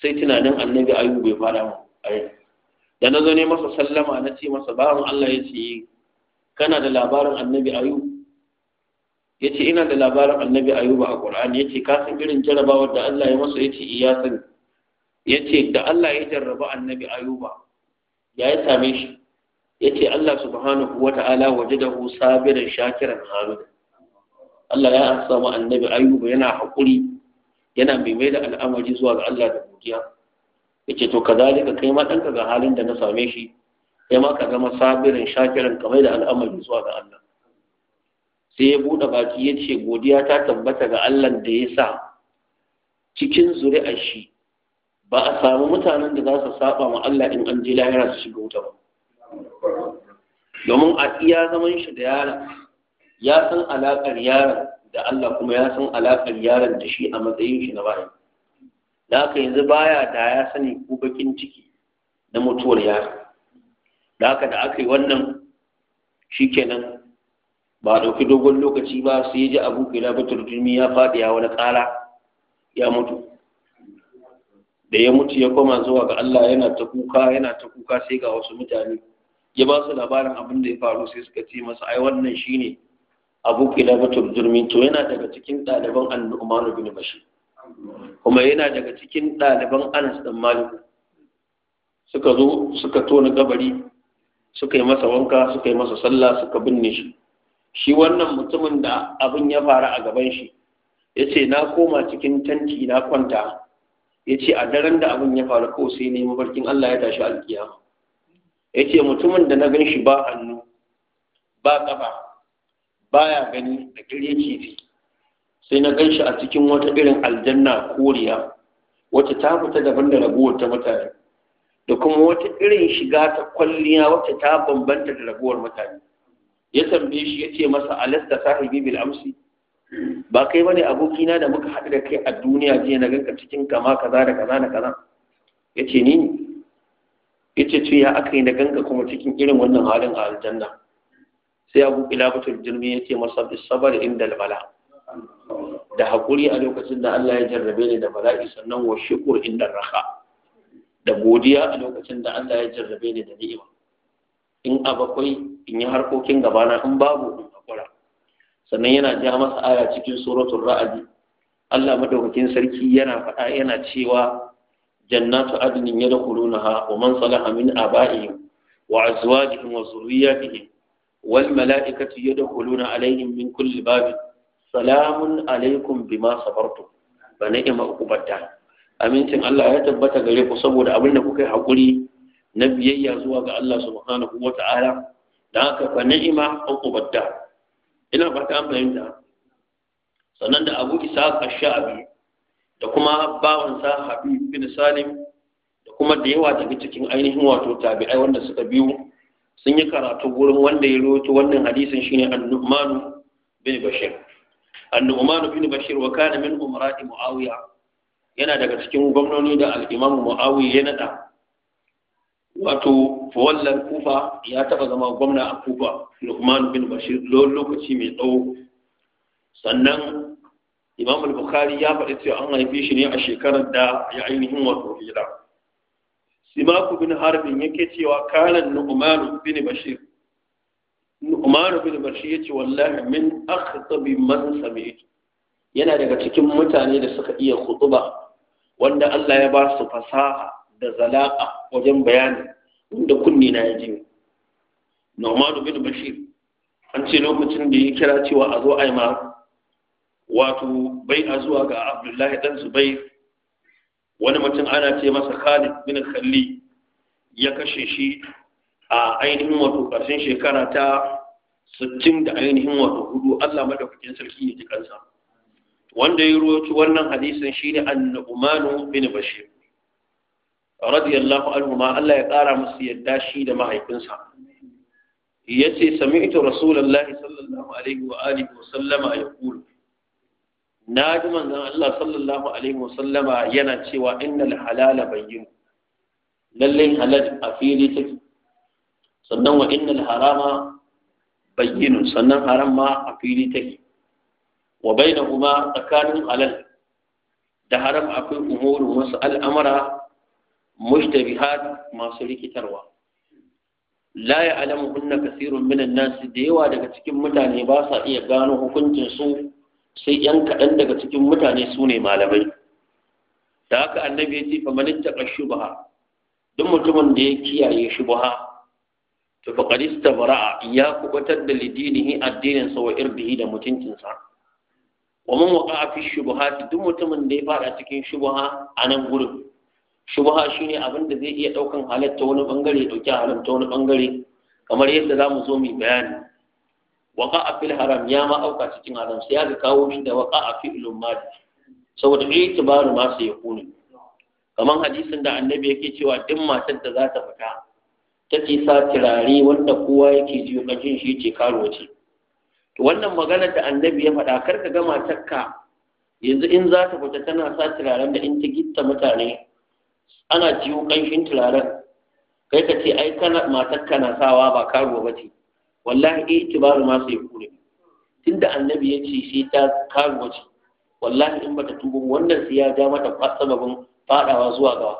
sai tunanin annabi ayu bai fara mu da na zo ne masa sallama na ce masa bawan Allah ya ce kana da labarin annabi ayu ya ce ina da labarin annabi ba a ƙur'ani ya ce kasan irin jarabawar da allah ya masa ya ce iya eh, sani ya ce da allah ya jarraba annabi ba. ya yi same shi ya ce Allah subhanahu wa ta'ala waje da sabirin shakiran hamida Allah ya samu annabi ayyuba yana haƙuri yana mai mai da al'amari zuwa ga Allah da godiya ya ce to ka zalika kai ma ɗanka ga halin da na same shi kai ma ka zama sabirin shakiran kamar da al'amari zuwa ga Allah sai ya buɗe baki ya ce godiya ta tabbata ga Allah da ya sa cikin zuri'ar shi ba a samu mutanen da za su saba ma Allah in an ji lahira su shiga wuta ba domin a iya zaman shi da yara, ya san alaƙar yaran da Allah kuma ya san alaƙar yaran da shi a matsayin shi na bayan da haka yanzu baya da ya sani ko bakin ciki na mutuwar yara. da haka da aka yi wannan shi kenan ba ɗauki dogon lokaci ba sai ya ji abu ila batul ya faɗi ya wani ƙara ya mutu da ya mutu ya koma zuwa ga Allah yana ta kuka yana ta kuka sai ga wasu mutane ya ba su labarin abin da ya faru sai suka ce masa ai wannan shine Abu Kilabatul Jurmi to yana daga cikin ɗaliban al numan bin Bashir kuma yana daga cikin ɗaliban Anas dan Malik suka zo suka tona kabari suka yi masa wanka suka yi masa sallah suka binne shi shi wannan mutumin da abin ya faru a gaban shi yace na koma cikin tanti na kwanta ya ce a daren da abin ya faru kawai sai nemi barkin Allah ya tashi alkiyama ya ce mutumin da na gan shi ba hannu ba ƙafa baya gani da ƙirye kifi sai na gan shi a cikin wata irin aljanna koriya wacce ta fita daban da raguwar ta mutane da kuma wata irin shiga ta kwalliya wacce ta bambanta da raguwar mutane ya tambaye shi ya ce masa alasta sahibi bil amsi ba kai bane abokina da muka haɗu da kai a duniya jiya na ganka cikin kama kaza da kaza da kaza yace ni ya ce ya aka yi na ganka kuma cikin irin wannan halin a aljanna sai abu ilabatul jirmi yace masa sabar inda albala da haƙuri a lokacin da Allah ya jarrabe ni da bala'i sannan wa shukur inda raha da godiya a lokacin da Allah ya jarrabe ni da ni'ima in abakwai in yi harkokin gabana in babu sannan yana ja masa aya cikin suratul ra'adi Allah madaukakin sarki yana faɗa yana cewa jannatu adnin yadkhulunaha wa man salaha min aba'ihim wa azwajihim wa zurriyyatihim wal mala'ikatu yadkhuluna alaihim min kulli bab salamun alaikum bima sabartum fa ni'ma uqubata amincin Allah ya tabbata gare ku saboda abin da kuka yi hakuri na biyayya zuwa ga Allah subhanahu ta'ala dan haka fa ni'ma uqubata ina fata ta fahimta sannan da abu isa ka sha'abi da kuma bawansa habib bin salim da kuma da yawa daga cikin ainihin wato tabi'ai wanda suka biyu sun yi karatu wurin wanda ya rawaito wannan hadisin shine an-nu'man bin bashir an bin bashir wa kana min umrati muawiya yana daga cikin gwamnoni da al-imam muawiya ya nada wato fawallar kufa ya taɓa zama gwamna a kufa lukman bin bashir lokaci mai tsawo sannan imam al-bukhari ya faɗi cewa an haife shi ne a shekarar da ya ainihin wato hijira simaku bin harbin yake cewa kanan nu'manu bin bashir nu'manu bin bashir ce, wallahi min akhtabi man sami'tu yana daga cikin mutane da suka iya khutuba wanda Allah ya ba su fasaha da zalaqa wajen bayani wanda kunne na ya ji Nu'man bin Bashir an ce lokacin da ya kira cewa a zo a wato bai a zuwa ga Abdullahi dan Zubair wani mutum ana ce masa Khalid bin Khalli ya kashe shi a ainihin wato ƙarshen shekara ta sittin da ainihin wato hudu Allah madaukakin sarki ya ji kansa wanda ya ruwaci wannan hadisin shine annabu manu bin Bashir radiyallahu anhu ma Allah ya ƙara musu yadda shi da mahaifinsa Ya ce, yace sami'tu rasulullahi sallallahu alaihi wa alihi wa sallama ya yaqulu na ji manzon Allah sallallahu alaihi wa sallama yana cewa innal halala bayyin lallai halal a fili take sannan wa innal harama bayyin sannan haram ma a fili take wa bainahuma tsakanin halal da haram akwai umurun wasu al'amura. mujtabihat masu rikitarwa la ya'lamuhunna kathirun minan nasi da yawa daga cikin mutane ba sa iya gano hukuncin su sai yan kaɗan daga cikin mutane su ne malamai da haka annabi ya ce fa man ittaqa shubha duk mutumin da ya kiyaye shubha to faqad istabara'a ya kubatar da lidinihi addinin sa wa irdihi da mutuncinsa. sa wa man waqa'a fi shubaha duk mutumin da ya fada cikin shubha a nan gurin shubha shine abin da zai iya daukan halatta wani bangare dauki halatta wani bangare kamar yadda zamu zo mu bayani a fil haram ya ma auka cikin haram sai ya ga kawo min da waqa'a fil madi saboda ba ma sai ya kuni kamar hadisin da annabi yake cewa ɗin matar da za ta fita ta ce sa turare wanda kowa yake ji jin shi ce karo ce to wannan magana da annabi ya faɗa kar ka ga matarka yanzu in za ta fita tana sa turaren da in ta gitta mutane ana jiwo ƙanshin turaren kai ka ce ai kana matar kana sawa ba karuwa ba ce wallahi eh tibaru ma sai kure tunda annabi ya ce sai ta karuwa ce wallahi in bata tuba wannan sai ya ja mata sababin fadawa zuwa ga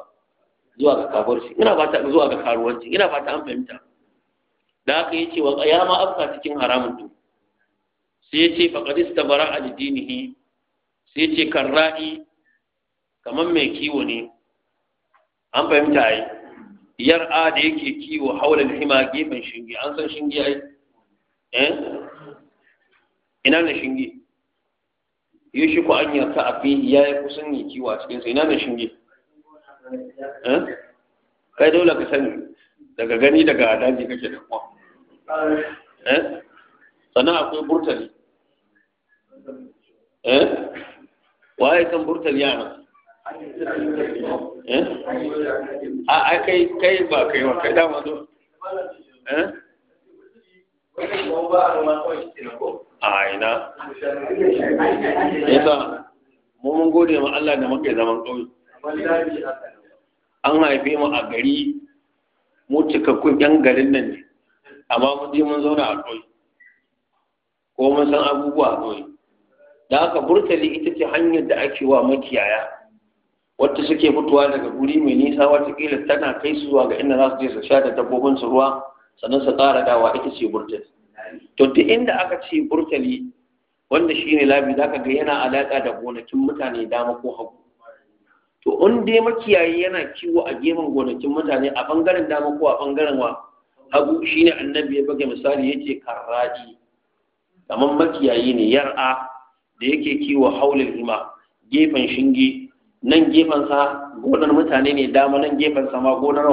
zuwa ga kafirci ina fata zuwa ga karuwanci ina fata an fahimta da haka yace wa qiyama afka cikin haramun to sai yace faqad istabara al dinihi sai yace karra'i kamar mai kiwo ne an fahimta yar a da yake kiwo haulal hima gefen shinge an san shinge ai eh ina ne shinge yashi ku an yarta a fi ya yi kusan yi kiwo a cikinsa ina ne shinge eh kai dole ka sani daga gani daga daji kake da kuma eh sannan akwai burtali eh waye san burtali yana Eh? a a kai kai ba kai wa kai dama zo eh? a ina yasa mu mun gode ma Allah da muka zaman kauye an haife mu a gari mu cikakkun yan garin nan ne amma mun je mun zauna a kauye ko mun san abubuwa a kauye da aka burtali ita ce hanyar da ake wa makiyaya wacce suke fitowa daga guri mai nisa watakila tana kai su zuwa ga inda za su je su sha da dabbobin su ruwa sannan su ƙara dawa ita ce burtali to duk inda aka ce burtali wanda shine labi zaka ga yana alaƙa da gonakin mutane dama ko hagu to in dai makiyayi yana kiwo a gefen gonakin mutane a bangaren dama ko a bangaren wa hagu shine annabi ya buga misali yace karraji kamar makiyayi ne yar'a da yake kiwo haulul hima gefen shinge nan gefensa gonar mutane ne dama nan gefensa ma gonar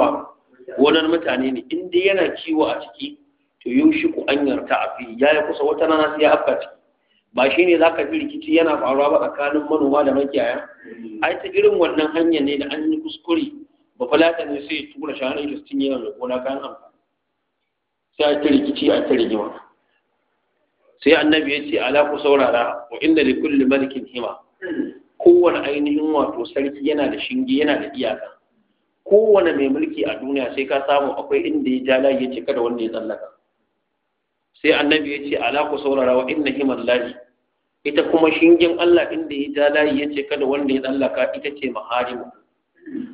gonar mutane ne in dai yana kiwo a ciki to shi ku an yarta a ya yi kusa wata rana sai ya afka ciki ba shi ne za ka fi rikici yana faruwa ba tsakanin manoma da makiyaya ai ta irin wannan hanyar ne da an yi kuskure ba falata ne sai ya tura shanar da sun yi da gona kayan amfani sai a ta rikici a ta rigima sai annabi ya ce ala ku saurara wa inda likulli malikin hima kowane ainihin wato sarki yana da shinge yana da iyaka kowane mai mulki a duniya sai ka samu akwai inda ya jala ya cika da wanda ya tsallaka sai annabi ya ce ala ku saurara wa inna himan lahi ita kuma shingen Allah inda ya jala ya cika da wanda ya tsallaka ita ce maharimu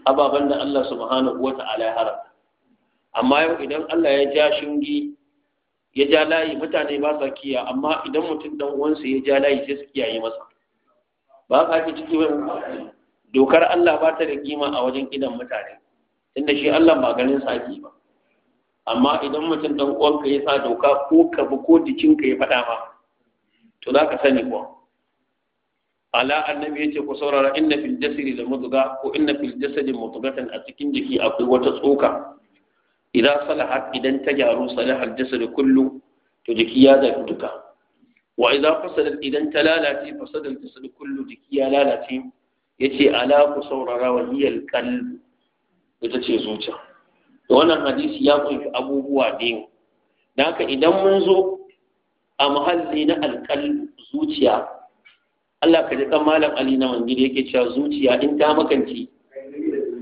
ababen da Allah subhanahu wa ta'ala ya haramta amma yau idan Allah ya ja shingi ya ja layi mutane ba sa kiya amma idan mutum dan uwansa ya ja layi sai su kiyaye masa ba ka ci ciki ba dokar Allah ba ta da kima a wajen idan mutane inda shi Allah ba ganin sa ba amma idan mutum dan uwanka ya sa doka ko ka bi ko jikinka ya faɗa ma to za ka sani kuwa ala annabi yace ku saurara inna fil jasadi la mudga ko inna fil jasadi mudghatan a cikin jiki akwai wata tsoka idan salahat idan ta gyaru salahat jasadi kullu to jiki ya zafi duka wa idza fasadat idan ta lalace fasadan tasad kullu jiki ya lalace yace ala ku saurara wa hiyal qalb ita ce zuciya wannan hadisi ya kunshi abubuwa biyu dan haka idan mun zo a muhalli na alqalb zuciya Allah ka ji kan malam Ali na wangida yake cewa zuciya in ta makanci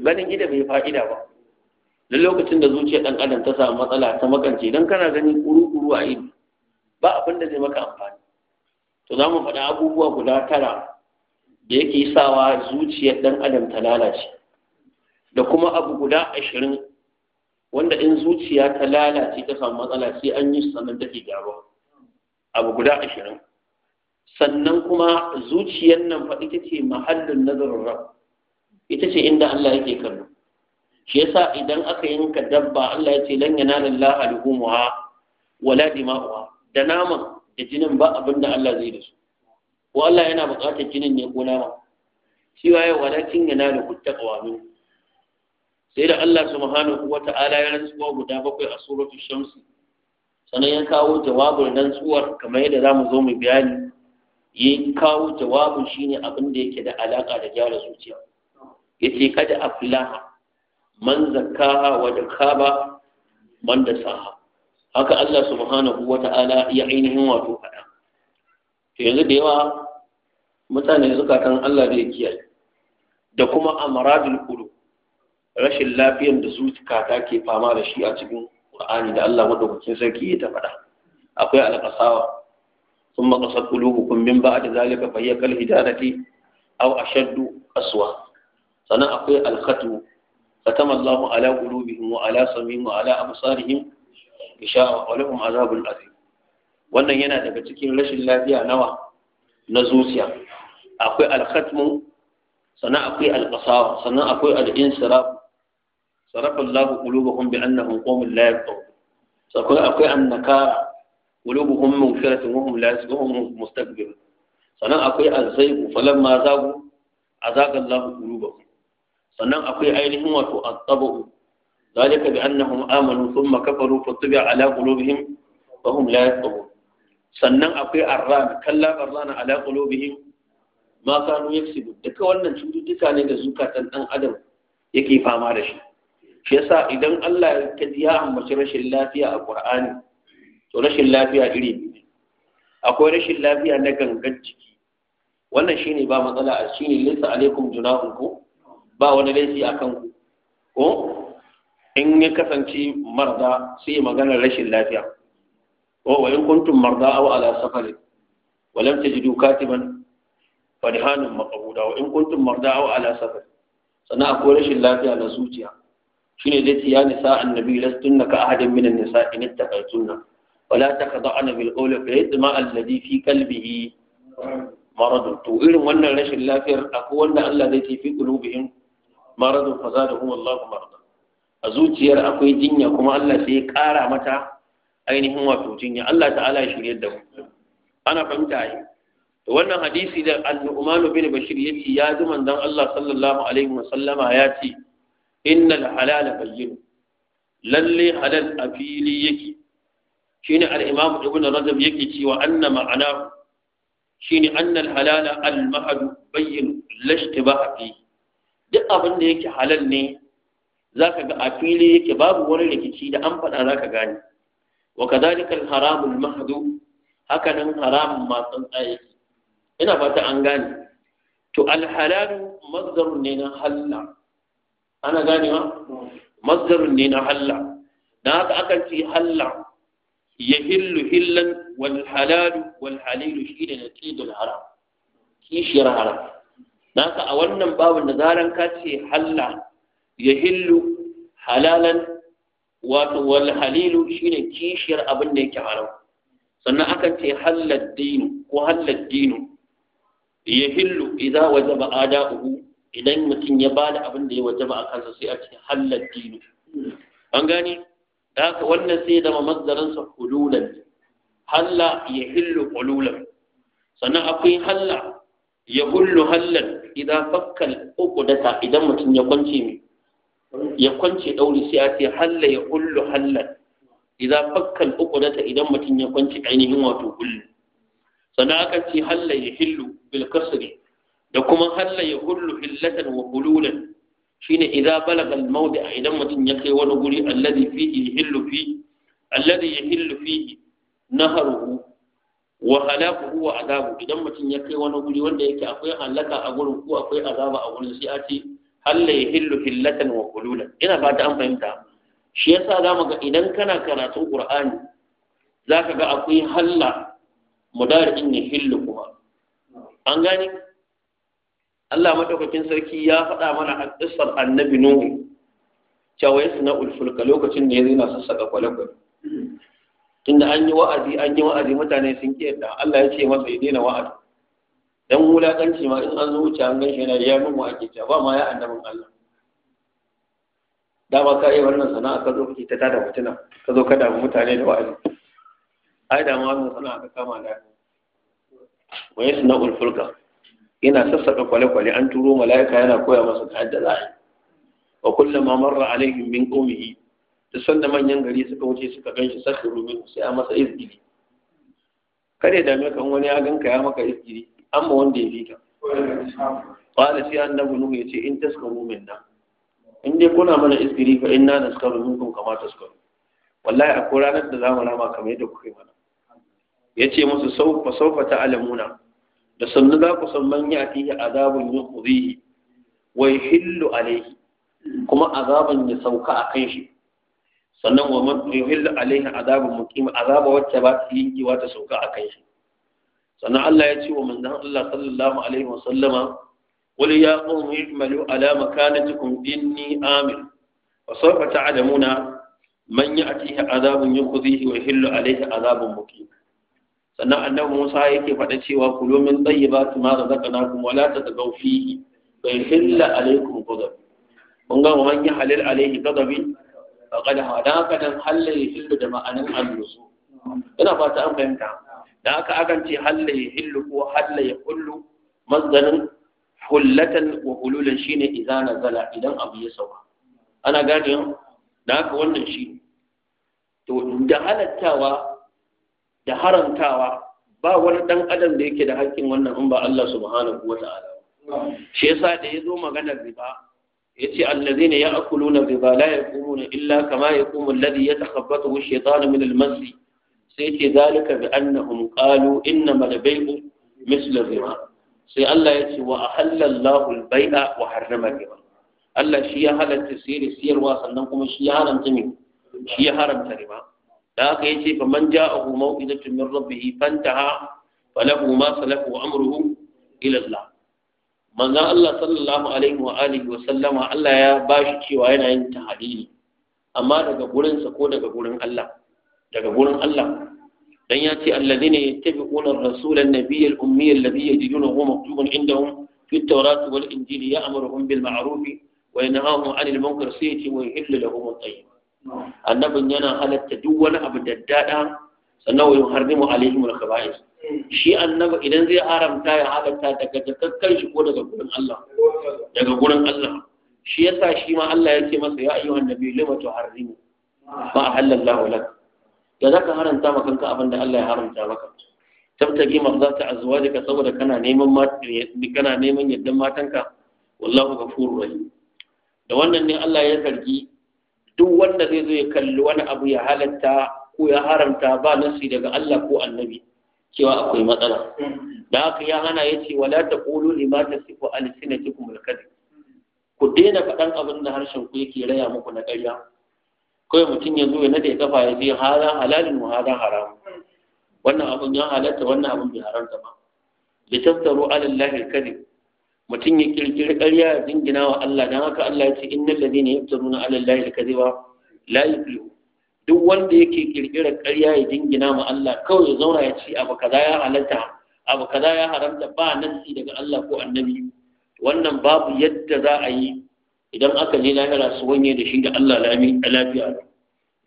ganin gida bai fa'ida ba duk lokacin da zuciya ɗan adam ta samu matsala ta makance dan kana gani kuru-kuru a ido ba abin da zai maka amfani to za mu faɗa abubuwa guda tara da yake sawa zuciyar ɗan adam ta lalace da kuma abu guda ashirin wanda in zuciya ta lalace ta samu matsala sai an yi sannan take gyaruwa abu guda ashirin sannan kuma zuciyar nan fa ita ce mahallin nazarin rab ita ce inda Allah yake kallo shi yasa idan aka yanka dabba Allah ya ce lan yanalillahi alhumuha wala dima'uha da naman da jinin ba abin da Allah zai da su ko Allah yana buƙatar jinin ne ko nama shi waye walakin yana da kutta min sai da Allah subhanahu ta'ala ya rantsuwa guda bakwai a suratul shamsi sannan ya kawo jawabin rantsuwar kamar yadda zamu zo mu bayani ya kawo jawabin shine abin da yake da alaka da gyara zuciya yace kada aflaha man zakkaha wa dakaba man da sahaba haka Allah subhanahu wa ta’ala ya ainihin wato faɗa. yanzu da yawa mutane suka kan Allah da ya kiyaye da kuma amaradul kudu rashin lafiyar da zuciya ke fama da shi a cikin ƙwa'ani da Allah madaukakin sarki ya tafaɗa akwai alƙasawa sun maƙasar kulu hukun min da zalika fa yakal hidanati aw ashaddu aswa sannan akwai alkhatu fatama Allahu ala qulubihim wa ala samihim wa ala absarihim gishawa walahum azabul azim wannan yana daga cikin rashin lafiya nawa na zuciya akwai alkhatmu sannan akwai alqasawa sannan akwai al-insiraf sarafa Allah qulubuhum bi annahum qawmun la yaqul akwai akwai annaka qulubuhum munkiratun wa hum la yasbuhum mustakbir sannan akwai azzaiqu falamma zagu azaga Allah qulubuhum sannan akwai ainihin wato at-tabu ذلك بأنهم آمنوا ثم كفروا فطبع على قلوبهم وهم لا يفقهون sannan akwai arran kalla arrana ala qulubihim ma kanu yaksubu duka wannan cututtuka ne da zukatan dan adam yake fama da shi shi yasa idan Allah ya ya ambaci rashin lafiya a Qur'ani to rashin lafiya iri biyu akwai rashin lafiya na gangan jiki wannan shine ba matsala a shine laysa alaikum junahun ko ba wani laifi akan ku ko in ya kasance marda sai magana rashin lafiya wa wa in kuntum marda aw ala safar wa lam tajidu katiban fadhanun maqbuda wa in kuntum marda aw ala safar sannan akwai rashin lafiya na zuciya shine zai ce ya nisa annabi lastunna ka ahadin min an-nisa in ittaqaytunna wa la taqda'na bil qawli fa yatma alladhi fi qalbihi marad to irin wannan rashin lafiyar akwai wanda Allah zai ce fi qulubihim Maradun fa zadahum Allahu maradan a zuciyar akwai jinya kuma Allah sai ya ƙara mata ainihin wato jinya Allah ta'ala ya shirye da mu ana fahimta yi wannan hadisi da al-Nu'man bin Bashir yace ya ji manzon Allah sallallahu alaihi wasallama ya ce innal halala bayyin lalle halal a fili yake shine al-Imam Ibn Rajab yake cewa anna ma'ana shine anna al-halala al-mahd bayyin lashtibaha fi duk abin da yake halal ne za ka ga a fili yake babu wani rikici da an faɗa za ka gane wa kadhalika haramul mahdu haka nan haramun masu tsaye ina fata an gane to alhalalu masdarun ne na halla ana gane ganewa masdarun ne na halla na haka akan ce halla Ya yahillu hillan wal halalu wal halilu shine naqidul haram kishiyar haram na haka a wannan babu da zaran ka ce halla yahillu halalan wato wal halilu shine kishiyar abin da yake haram sannan akan ce halal dinu ko halal dinu yahillu idza wajaba ada'uhu idan mutum ya bada abin da ya wajaba a kansa sai a ce halal dinu an gane da haka wannan sai da mazdarin sa hululan halla yahillu hululan sannan akwai halla yahullu hallan idan fakkal uqdata idan mutum ya kwance mai ya kwance ɗauri sai a ce halla ya kullu hallan idan fakkal uqdata idan mutum ya kwance ainihin wato kullu sannan aka ce halla ya hillu bil kasri da kuma halla ya kullu hillatan wa hululan shine idan balagal maudi a idan mutum ya kai wani guri alladhi fihi yahillu fi alladhi yahillu fihi naharuhu wa halakuhu wa adabu idan mutum ya kai wani guri wanda yake akwai halaka a gurin ko akwai azaba a gurin sai a ce Allah ya hillu hillatan wa Kulula. ina ba fata an fahimta shi yasa za mu ga idan kana karatu qur'ani za ka ga akwai halla mudari'in ya hillu kuma an gane Allah madaukakin sarki ya faɗa mana a annabi nuhu cewa ya suna ulfulka lokacin da ya zina sassaka kwale-kwale tunda an yi wa'azi an yi wa'azi mutane sun kiyarta Allah ya ce masa ya daina wa'azi dan wulakanci ma in an zo wuce an ganshi yana ya mun wa ake ba ma ya annabin Allah Da ba ka yi wannan sana'a ka zo kake ta tada mutuna ka zo ka damu mutane da wa'azi ai da ma wannan sana'a ka kama da wai sunan ulfulka Ina sassaka kwale-kwale an turo mala'ika yana koya masa ta yadda yi wa ma marra alaihim min qawmihi duk sanda manyan gari suka wuce suka ganshi sakhiru min sai a masa izgiri kare da mai kan wani ya ganka ya maka izgiri an ba wanda ya fi ka qala sai annabi nuhu ce in taskaru nan. in dai kuna mana iskiri fa inna min minkum kama taskaru wallahi akwai ranar da zamu rama kamar yadda kuka yi mana yace musu saufa saufa Alamuna. da sannu za ku san manya man yatihi azabun yuqdihi wa yahillu alayhi kuma azaban ya sauka a kan shi sannan wa man yuhillu alayhi azabun muqim azaba wacce ba ta yinkewa ta sauka a kan shi sannan Allah ya ce wa manzon Allah sallallahu alaihi wa sallama qul ya qaumi i'malu ala makanatikum inni amil wa sawfa ta'lamuna man ya'tihi adhabun yukhzihi wa yahillu alayhi adhabun muqim sannan annabi Musa yake faɗa cewa kulu min tayyibati ma razaqnakum wa la tatagaw fihi fa yahilla alaykum ghadab kun ga man ya halil alayhi ghadabi faqad hadaka dan halla yahillu da ma'anan annusu ina fata an fahimta da aka akan ce halla ya hillu ko halla ya hullu mazdanin hullatan wa hululan shine idan zala idan abu ya sauka ana gane da aka wannan shi to da halattawa da haramtawa ba wani dan adam da yake da hakkin wannan in ba Allah subhanahu wa ta'ala shi yasa da yazo maganar riba yace allazina ya'kuluna riba la yaqumuna illa kama yaqumu alladhi yatakhabbathu ash-shaytanu min al-masi sai ce zalika bi annahum qalu innama al-bay'u mislu riba sai Allah ya ce wa ahalla Allahu al-bay'a wa harrama riba Allah shi ya halatta sayar siyarwa sannan kuma shi ya haramta ne shi ya haramta riba da aka yace fa man ja'ahu maw'izatun min rabbih fantaha falahu ma salafu amruhu ila Allah Manza Allah sallallahu alaihi wa alihi wa sallama Allah ya bashi cewa yana yin tahlili amma daga gurinsa ko daga gurin Allah daga gurin Allah dan ya ce alladhina ne ar-rasula an-nabiyya al-ummi alladhi yajidunahu maktuban indahum fi at-taurati wal-injil ya'muruhum bil ma'ruf wa yanhahum 'anil munkar sayyi wa yuhillu lahum at-tayyib annabin yana halatta duk wani abu da daddada sannan wa yuharrimu alaihim al-khaba'is shi annabi idan zai haramta ya halatta daga dakkar shi ko daga gurin Allah daga gurin Allah shi yasa shi ma Allah ya ce masa ya ayyuhan nabiyyu lima tuharrimu ma ahallallahu lak da za ka haranta maka kanka abin da Allah ya haramta maka tabtaki marzata azwajika saboda kana neman kana neman yaddan matanka wallahu ghafurur rahim da wannan ne Allah ya sarki duk wanda zai zo ya kalli wani abu ya halatta ko ya haramta ba nasi daga Allah ko annabi cewa akwai matsala da haka ya hana ya ce wala taqulu lima tasifu alsinatukum alkadhib ku daina faɗan abin da harshen ku yake raya muku na ƙarya kawai mutum ya zo ya nade kafa ya ce hada halalin mu hada haram wannan abun ya halatta wannan abun bai haramta ba li taftaru ala allahi kadhib mutum ya kirkiri ƙarya ya dingina wa Allah dan haka Allah ya ce innal ladina yaftaruna ala allahi kadhiba la yuflihu duk wanda yake kirkira ƙarya ya dingina ma Allah kawai ya zauna ya ce abu kaza ya halatta abu kaza ya haramta ba nasi daga Allah ko annabi wannan babu yadda za a yi idan aka je lahira su wanye da shi da Allah lafiya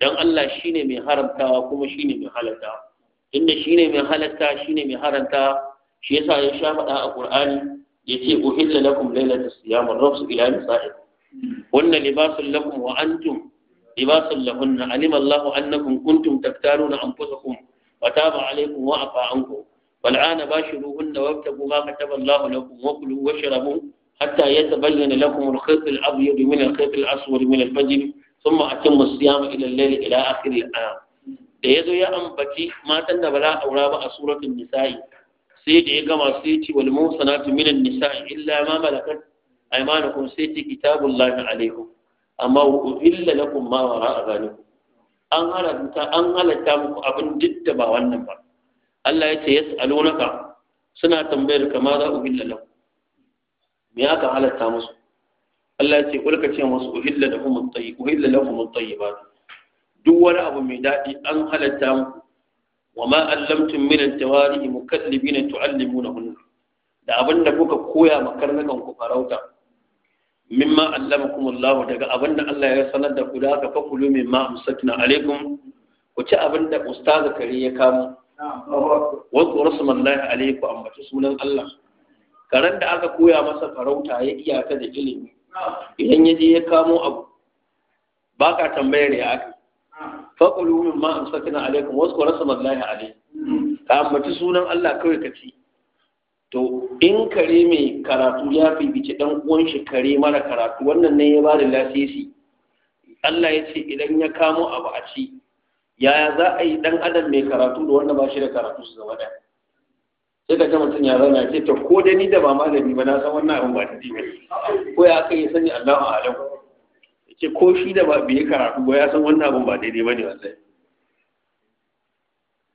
don Allah shi ne mai haramtawa kuma shi ne mai halatta inda shi ne mai halatta shi ne mai haramta shi yasa ya sha faɗa a ƙur'ani ya ce uhilla lakum lailatul siyam ar-rafsu ila nisa'i wannan libasun lakum wa antum libasun lahunna alima Allah annakum kuntum taftaruna anfusakum wa taba alaykum wa afa ankum wal ana bashiruhunna wabtagu ma kataba Allah lakum wa kulu washrabu حتى يتبين لكم الخيط الأبيض من الخيط الأسود من الفجر ثم أتم الصيام إلى الليل إلى آخر الآية da ya zo ya ambaci matan da ba za a aura ba a suratul nisa'i sai da ya gama sai ce wal musanatu minan nisa'i illa ma malakat aymanukum sai ce kitabullahi alaikum amma illa lakum ma wara'a zalikum an halatta an halatta muku abin didda ba wannan ba Allah ya ce yas'alunaka suna tambayar ma za ubilla lakum me aka halatta musu Allah ya ce kulka ce musu uhilla lahum at-tayyib uhilla lahum at-tayyibat duk wani abu mai daɗi an halatta mu. wa ma allamtum min at-tawari mukallibina tu'allimunahunna da abin da kuka koya ma karnukan ku farauta mimma allamakum Allah daga abin da Allah ya sanar da ku da haka fa kulu mimma amsakna alaikum ku ci abin da ustaza kare ya kamo wasu rasulullahi alaikum ambaci sunan Allah karen da aka koya masa farauta ya iyaka da ilimi idan ya je ya kamo abu ba ka tambayar ya aka faƙulu min ma amsakina alaikum wasu kwa rasa mallahi ka ambaci sunan Allah kawai ka ci to in kare mai karatu ya bice dan uwan shi kare mara karatu wannan ne ya bada lasisi Allah ya ce idan ya kamo abu a ci yaya za a yi dan adam mai karatu da wanda ba shi da karatu su zama ɗaya sai ka ga mutum ya zauna ce ta ko da ni da ba malami ba na san wannan abin ba ta ba ko ya aka yi sani Allahu alam ce ko shi da ba biye karatu ba ya san wannan abin ba daidai ba ne wallahi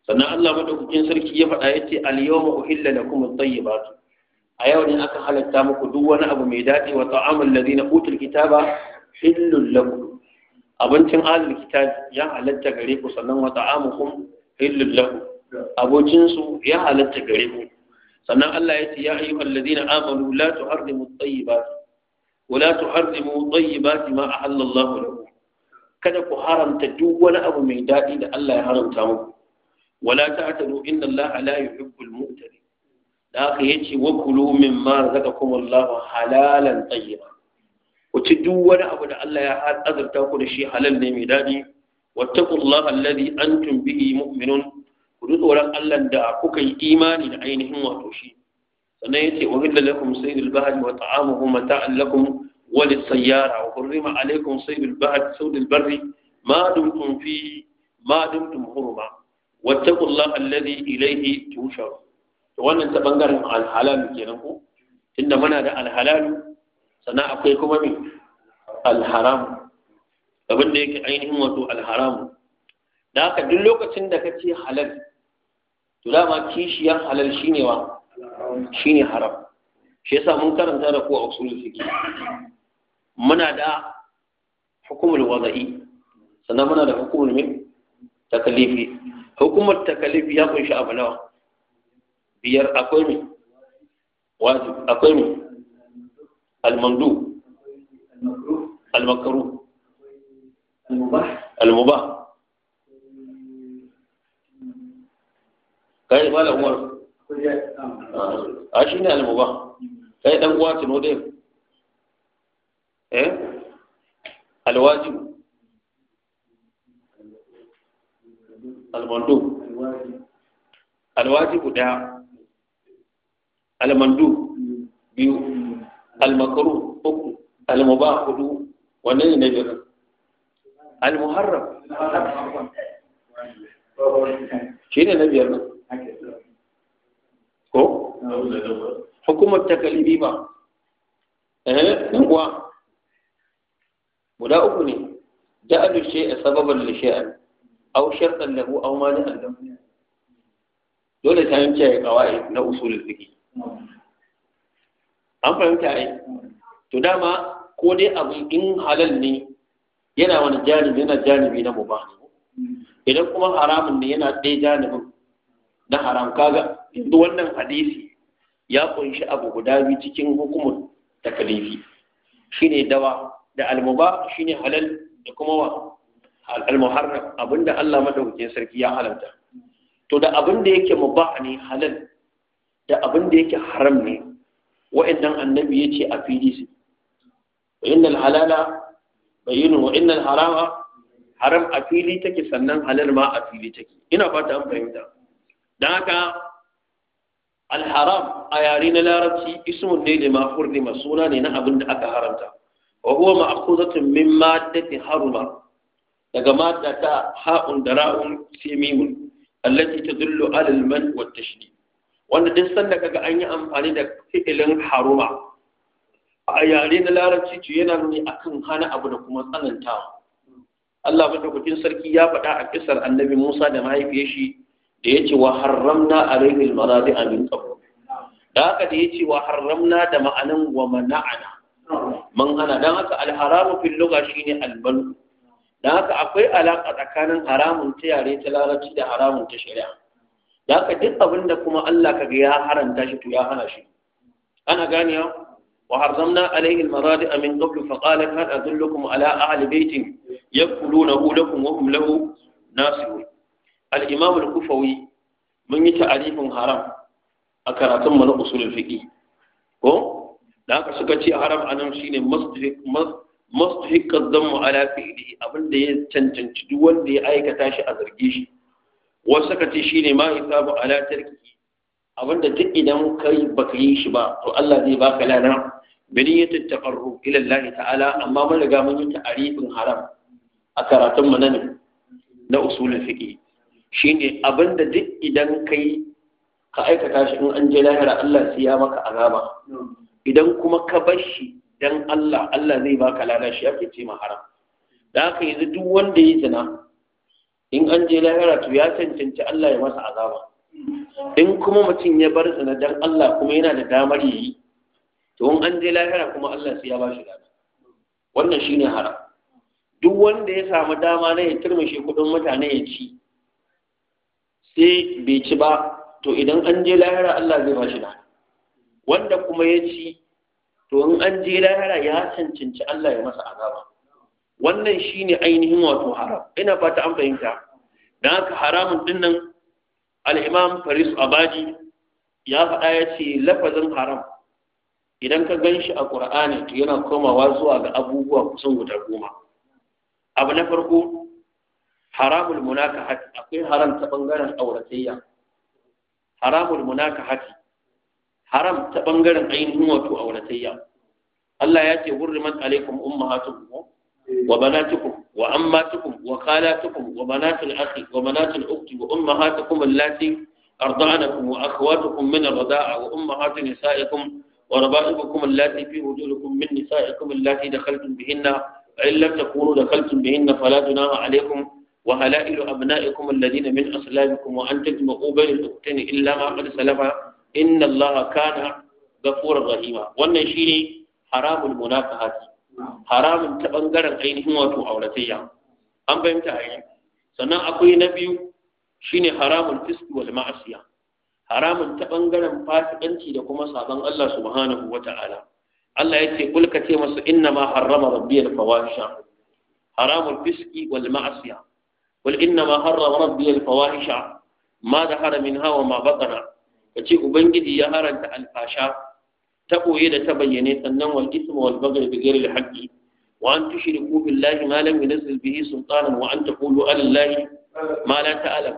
sannan Allah madaukakin sarki ya faɗa yace al-yawma uhilla lakum at-tayyibat a yau ne aka halatta muku duk wani abu mai daɗi wa ta'amul ladina utul kitaba hillul lakum abincin ahlul kitab ya halatta gare ku sannan wa ta'amukum hillul lakum abocinsu ya halatta gare mu sannan Allah ya ce ya ayyuhal ladina amanu la tuharrimu at-tayyibat wa la tuharrimu at-tayyibat ma ahalla Allah lakum kada ku haramta duk wani abu mai daɗi da Allah ya haramta muku wala ta'tadu inna Allah la yuhibbul mu'tadi da haka yace wa kulu mimma razaqakum Allah halalan tayyiba ku ci duk wani abu da Allah ya azurta ku da shi halal ne mai daɗi wattaqullaha alladhi antum bihi mu'minun ku ji tsoron Allah da kuka yi imani da ainihin wato shi sannan yace wa hilla lakum saydul bahri wa ta'amuhu mata'an lakum wa lis-sayyara wa hurrima alaykum saydul bahri saydul barri ma dumtum fi ma dumtum hurma wattaqullaha alladhi Ilaihi tushar to wannan ta bangaren al-halal kenan ko tunda muna da al-halal sannan akwai kuma me al-haram abin da yake ainihin wato al-haram da haka duk lokacin da ka ce halal to dama kishiyan halal ne wa ne haram shi yasa mun karanta da ku a usul fiqh muna da hukumul wada'i sannan muna da hukumul min takalifi hukumar takalifi ya kunshi abu nawa biyar akwai mi wajib akwai mi almandu almakaru almubah almubah kai malam umar a ah, shi ne almuba kai dan uwa tuno dai eh Alwaji. almandu Alwaji daya almandu biyu almakaru uku almubah hudu wannan ne na biyar almuharram shi ne na biyar nan hukumar takalibi ba eh ɗan uwa guda uku ne da ja'alu shay'a au li shay'an aw au lahu aw mani'an lahu dole ta yanke ya kawai na usulun fiqh an fahimta ai to dama ko dai abu in halal ne yana wani janibi yana janibi na ba idan kuma haramun ne yana ɗaya janibin na haram kaga yanzu wannan hadisi ya kunshi abu guda biyu cikin hukumar takalifi shine dawa da almuba shine halal da kuma wa almuharram abinda Allah madaukakin sarki ya halalta to da abinda yake mubah ne halal da abinda yake haram ne wa'annan annabi yace a fili su innal halala bayinu wa innal harama haram a fili take sannan halal ma a fili take ina fata an fahimta dan haka alharam a yare na larabci ismun ne da mafur ne suna ne na abin da aka haramta wa huwa ma'khuzatun min maddati haruma daga madda ta ha'un da ra'un sai allati tadullu ala al-man wa tashdid wanda duk sanda kaga an yi amfani da fi'ilin haruma a yare na larabci ce yana nuni akan hana abu da kuma tsananta. Allah madaukakin sarki ya faɗa a kisar annabi Musa da mahaifiyar shi da ya ce wa haramna alaihi almaradi amin qabl da haka da ya ce wa haramna da ma'anin wa mana'ana man ana dan haka alharamu fil lugha shine albalu dan haka akwai alaƙa tsakanin haramun ta yare ta larabci da haramun ta shari'a da haka duk abin da kuma Allah kaga ya haranta shi to ya hana shi ana gane wa harzamna alaihi almaradi min qabl fa qala kan adullukum ala ahli baitin yakulunahu lakum wa hum lahu nasihun al-imam al mun yi ta'arifin haram a karatun mu na usulul fiqi ko da aka suka ce haram anan shine mustahiq az-zammu ala fi'lihi abinda ya cancanci duk wanda ya aikata shi a zarge shi wasu suka ce ne ma hisabu ala tarki abinda duk idan kai baka yi shi ba to Allah zai baka lana biniyatul taqarrub ila Allah ta'ala amma mun riga mun yi ta'arifin haram a karatun mu na usulul fiqi ne abinda duk idan kai ka aikata shi in an je lahira Allah su ya maka azaba idan kuma ka bar shi dan Allah Allah zai baka lada shi ake ce ma haram da haka yanzu duk wanda ya zina in an je lahira to ya cancanci Allah ya masa azaba in kuma mutum ya bar zina dan Allah kuma yana da damar yi to in an je lahira kuma Allah sai ya ba shi lada wannan shine haram duk wanda ya samu dama na ya turmushe kudin mutane ya ci sai bai ci ba to idan an je lahira Allah zai ba shi da wanda kuma ya ci to in an je lahira ya cancanci Allah ya masa azaba wannan shine ainihin wato haram ina fata an fahimta dan haka haramun nan al-imam faris abadi ya faɗa ya ce lafazin haram idan ka gan shi a ƙur'ani to yana komawa zuwa ga abubuwa kusan guda goma abu na farko haramul munakahati akwai haram bangaren auratayya haramul munakahati haram ta bangaren ainihin wato auratayya Allah ya ce hurrimat alaikum ummahatukum wa banatukum wa ammatukum wa khalatukum wa banatul akhi wa banatul ukhti wa ummahatukum allati أرضعنكم وأخواتكم من الرضاعة وأمهات نسائكم وربائبكم اللاتي في وجودكم من نسائكم اللاتي دخلتم بهن فإن لم تكونوا دخلتم بهن فلا جناح عليكم وهلائل أبنائكم الذين من أصلابكم وأن تجمعوا بين الأختين إلا ما قد سلف إن الله كان غفورا رحيما wannan shine haramul munafahati haramun ta bangaren ainihin wato auratayya an fahimta ai sannan akwai na biyu shine haramul fisq wal ma'asiya haramun ta bangaren fasikanci da kuma sabon Allah subhanahu wata'ala Allah ya ce kulka ce masu inna ma harrama rabbiyal ma'asiya qul inna ma harrama rabbi al fawahisha ma zahara minha wa ma batana kace ubangiji ya haranta alfasha ta ɓoye da ta bayyane sannan wal isma wal baghy bi ghairi al haqqi wa an tushriku billahi ma lam yunzil bihi sultanan wa an taqulu ala allahi ma la ta'lam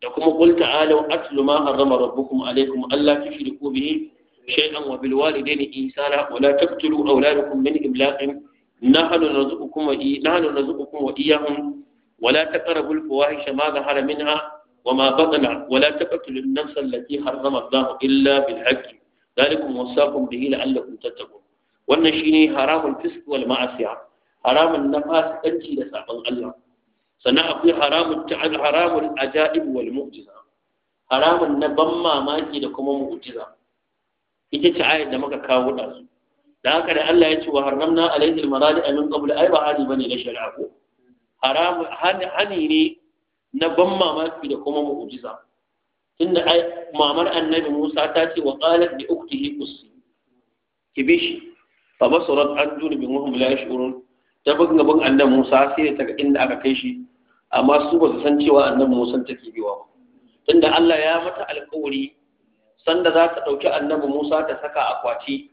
da kuma qul ta'alu atlu ma harrama rabbukum alaykum alla tushriku bihi shay'an wa bil walidayni ihsana wa la taqtulu awladakum min iblaqin nahnu narzuqukum wa nahnu narzuqukum wa iyyahum ولا تقربوا الفواحش ما ظهر منها وما بطن ولا تقتلوا النفس التي حرم الله إلا بالحق ذلكم وصاكم به لعلكم تتقون wannan shine haramul fisk wal ma'asiya haramun nafasikanci da sabon Allah sannan akwai haramun ta'al haramul haramun na ban mamaki da kuma mu'jiza ita ce ayat da muka kawo da su da haka da Allah ya ce wa haramna alaihi al-maradi min qabl ay ba hadi bane da shari'a ko haramu hani ne na ban mamaki da kuma mu'jiza tunda ai mamar annabi Musa ta ce wa qalat li uktihi qussi kibishi fa basarat an junubin wa hum la yash'urun ta bugun gaban annabi Musa sai ta ga inda aka kai shi amma su ba su san cewa annabi Musa take biwa ba tunda Allah ya mata alƙawari sanda za ta ɗauki annabi Musa ta saka akwati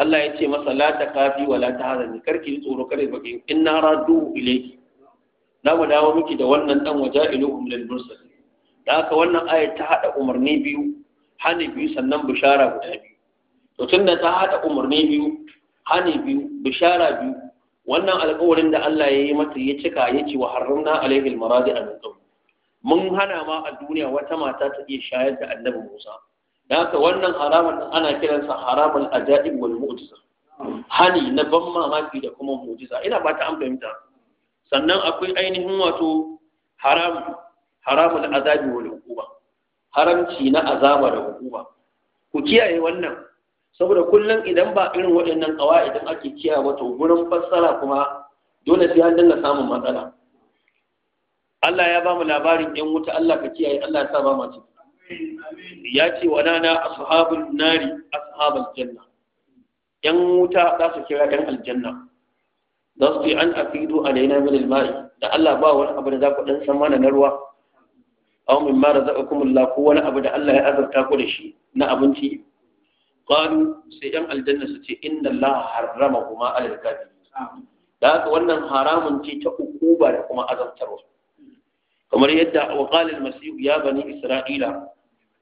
Allah ya ce masa la ta kafi wa la ta hazani karki tsoro kare baki inna radu ilayki za mu dawo miki da wannan dan waja iluhum lil mursal da haka wannan ayat ta hada umarni biyu hani biyu sannan bishara guda biyu to tunda ta hada umarni biyu hani biyu bishara biyu wannan alƙawarin da Allah ya yi mata ya cika ya ce wa harramna alaihi almaradi an mun hana ma a duniya wata mata ta iya shayar da annabi Musa da haka wannan haramun ana kiransa haramul ajaib wal mu'jiza hani na ban mamaki da kuma mu'jiza ina ba ta an fahimta sannan akwai ainihin wato haram haramul azabi wal hukuma haramci na azaba da hukuma ku kiyaye wannan saboda kullum idan ba irin waɗannan idan ake kiyaye wato gurin fassara kuma dole sai an dinga samun matsala Allah ya ba mu labarin yan wuta Allah ka kiyaye Allah ya sa ba mu ya ce wa nana ashabul nari ashabul janna yan wuta za su kira yan aljanna za su ce an afidu alaina min alma'i da Allah ba wani abu da za ku dan san mana na ruwa aw min ma razaqakumullah ko wani abu da Allah ya azurta ku da shi na abinci qalu sai yan aljanna su ce inna Allah harramahuma alal kafirin da haka wannan haramun ce ta ukuba da kuma azabtarwa kamar yadda wa qala almasihu ya bani isra'ila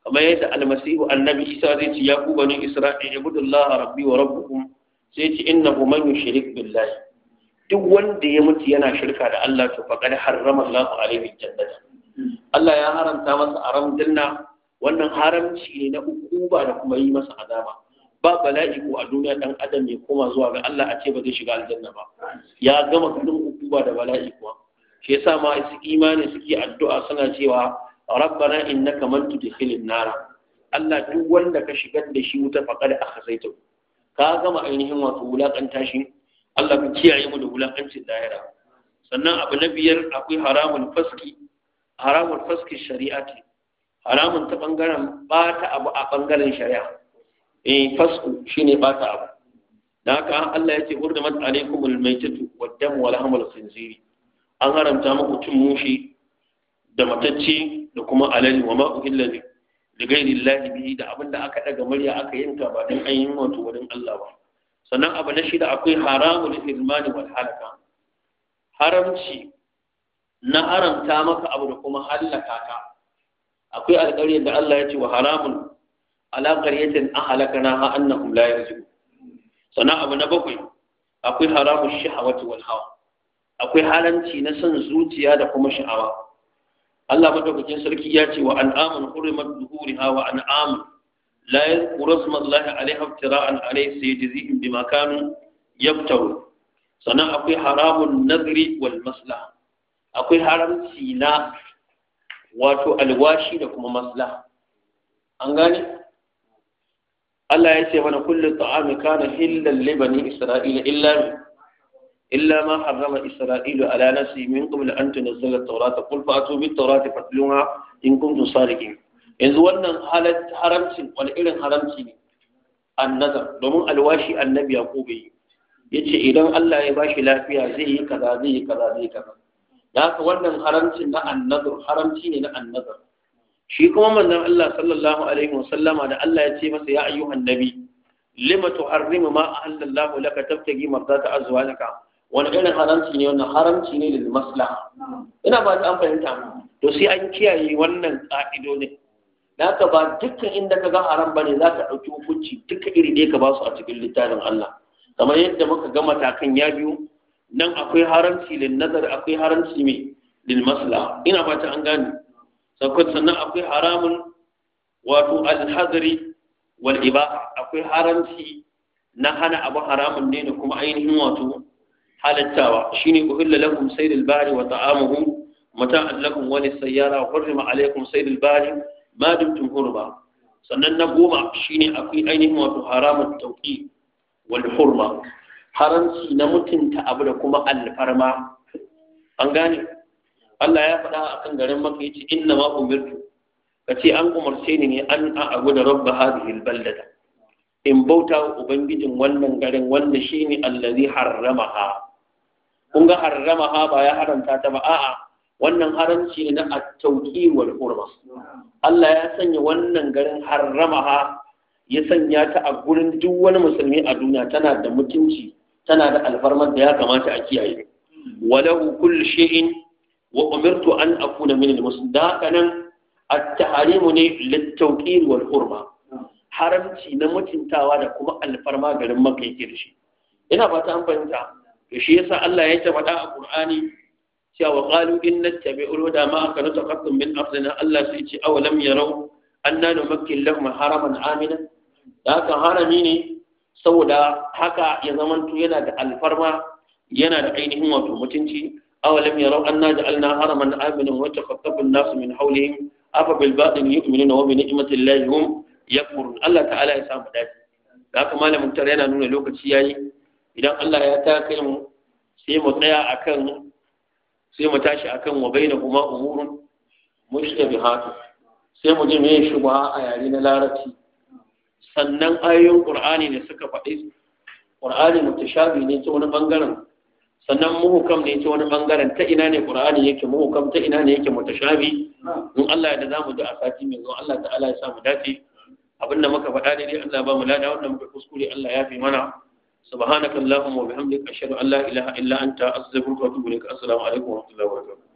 kamar yadda al almasihu annabi isa zai ce ya ku bani isra'ila ibudullah rabbi wa rabbukum sai ce innahu man yushrik billahi duk wanda ya mutu yana shirka da Allah to faqad harrama Allahu alaihi jannata Allah ya haramta masa aram dinna. wannan haramci ne na ukuba da kuma yi masa azaba ba bala'i ko a duniya dan adam ya koma zuwa ga Allah a ce ba zai shiga aljanna ba ya gama kudin ukuba da bala'i kuwa shi yasa ma su imani suke addu'a suna cewa rabbana innaka man tudkhilin nara Allah duk wanda ka shigar da shi wuta faqad akhzaita ka gama ainihin wato wulakanta shi Allah ka kiyaye mu da wulakancin lahira sannan abu na biyar akwai haramun faski haramun faski shari'a ce. haramun ta bangaren bata abu a bangaren shari'a eh fasku shine bata abu dan haka Allah ya ce mat alaikumul maitatu waddam wal hamul khinziri an haramta muku cin mushi da matacce da kuma alali wa ma illa li ghairi bihi da abinda aka daga murya aka yanka ba dan an yi wato wurin Allah ba sannan abu na shida akwai haramun ilmani wal halaka haramci na haramta maka abu da kuma halaka ka akwai alƙaryar da Allah ya ce wa haramun ala qaryatin ahlakana ha annahum la yarji'un sannan abu na bakwai akwai haramun shahawati wal hawa akwai haramci na son zuciya da kuma sha'awa Allah madaukakin sarki ya ce wa an'amun hurimat zuhuriha wa an'amun la yadhkuru rasmallahi alaiha iftira'an alaihi sayajzihim bima kanu yaftaru akwai haramun nazri maslaha akwai haramci na wato alwashi da kuma maslaha an gane Allah ya ce mana kullu ta'ami kana hillal li bani isra'ila illa ma harrama isra'ilu ala nafsi min qabl an tunzila at-taurata qul fa'tu yanzu wannan haramcin wani irin haramci ne nazar, domin alwashi annabi yaqub yi Ya ce idan Allah ya bashi lafiya zai yi kaza zai yi kaza zai kaza da haka wannan haramcin na nazar. haramci ne na nazar. shi kuma manzon Allah sallallahu alaihi wasallama da Allah ya ce masa ya ayyuhan nabi lima tuharrimu ma ahallallahu laka tabtagi mardata azwajaka wani irin haramci ne wannan haramci ne da maslaha ina ba ta an fahimta to sai an kiyaye wannan ka'idodin da haka ba dukkan inda ka ga haram bane za ka ɗauki hukunci duka iri ɗaya ka ba su a cikin littafin Allah kamar yadda muka ga matakan ya biyu nan akwai haramci lin nazar akwai haramci mai Lin masla, ina fata an gane sakon sannan akwai haramun wato alhazari wal ibaha akwai haramci na hana abu haramun ne da kuma ainihin wato halattawa shine uhilla lakum saydul bari wa ta'amuhu mata'an lakum wa lis-sayyara wa harrama alaykum saydul bari ma dumtum hurma sannan na goma shine akwai ainihin wato haramun tauki wal hurma haramci na mutunta abu da kuma alfarma an gane Allah ya faɗa a kan garin maka yace inna ma umirtu ka ce an umarce ni ne an a'abu da rabba hadhihi albaldata in bauta ubangijin wannan garin wanda shine allazi harramaha kun ga harramaha ba ya haramta ta ba a'a wannan haramci ne na at hurma Allah ya sanya wannan garin harramaha ya sanya ta a gurin duk wani musulmi a duniya tana da mutunci tana da alfarman da ya kamata a kiyaye walahu kullu shay'in wa umirtu an akuna min al da kanan at-tahrimu ne lit-tawqir wal hurma haramci na mutuntawa da kuma alfarma garin maka yake da shi ina fata an fahimta da shi yasa Allah ya faɗa a Qur'ani cewa qalu inna tabi'ul huda ma aka nutaqattum min ardina Allah sai ce awa lam yarau anna numakkil lahum haraman amina da haka harami ne saboda haka ya zamanto yana da alfarma yana da ainihin wato mutunci aw lam yarau anna ja'alna haraman amina wa taqattabu an-nas min hawlihim afa bil yi yu'minuna wa bi ni'mati llahi ya yakfurun Allah ta'ala ya samu dace da haka malamin tare yana nuna lokaci ya yi idan Allah ya ta kai mu sai mu tsaya akan sai mu tashi akan wa baina kuma umurun bi haka. sai mu ji me shubha a yare na larabci sannan ayoyin qur'ani ne suka faɗi qur'ani mutashabi ne ta wani bangaren sannan muhukam ne ta wani bangaren ta ina ne qur'ani yake muhukam ta ina ne yake mutashabi in Allah ya da zamu a sati mai zuwa Allah ta'ala ya sa mu dace abinda muka faɗa dai Allah ba mu lada wannan muka kuskure Allah ya fi mana سبحانك اللهم وبحمدك أشهد أن لا إله إلا أنت أستغفرك وأتوب إليك السلام عليكم ورحمة الله وبركاته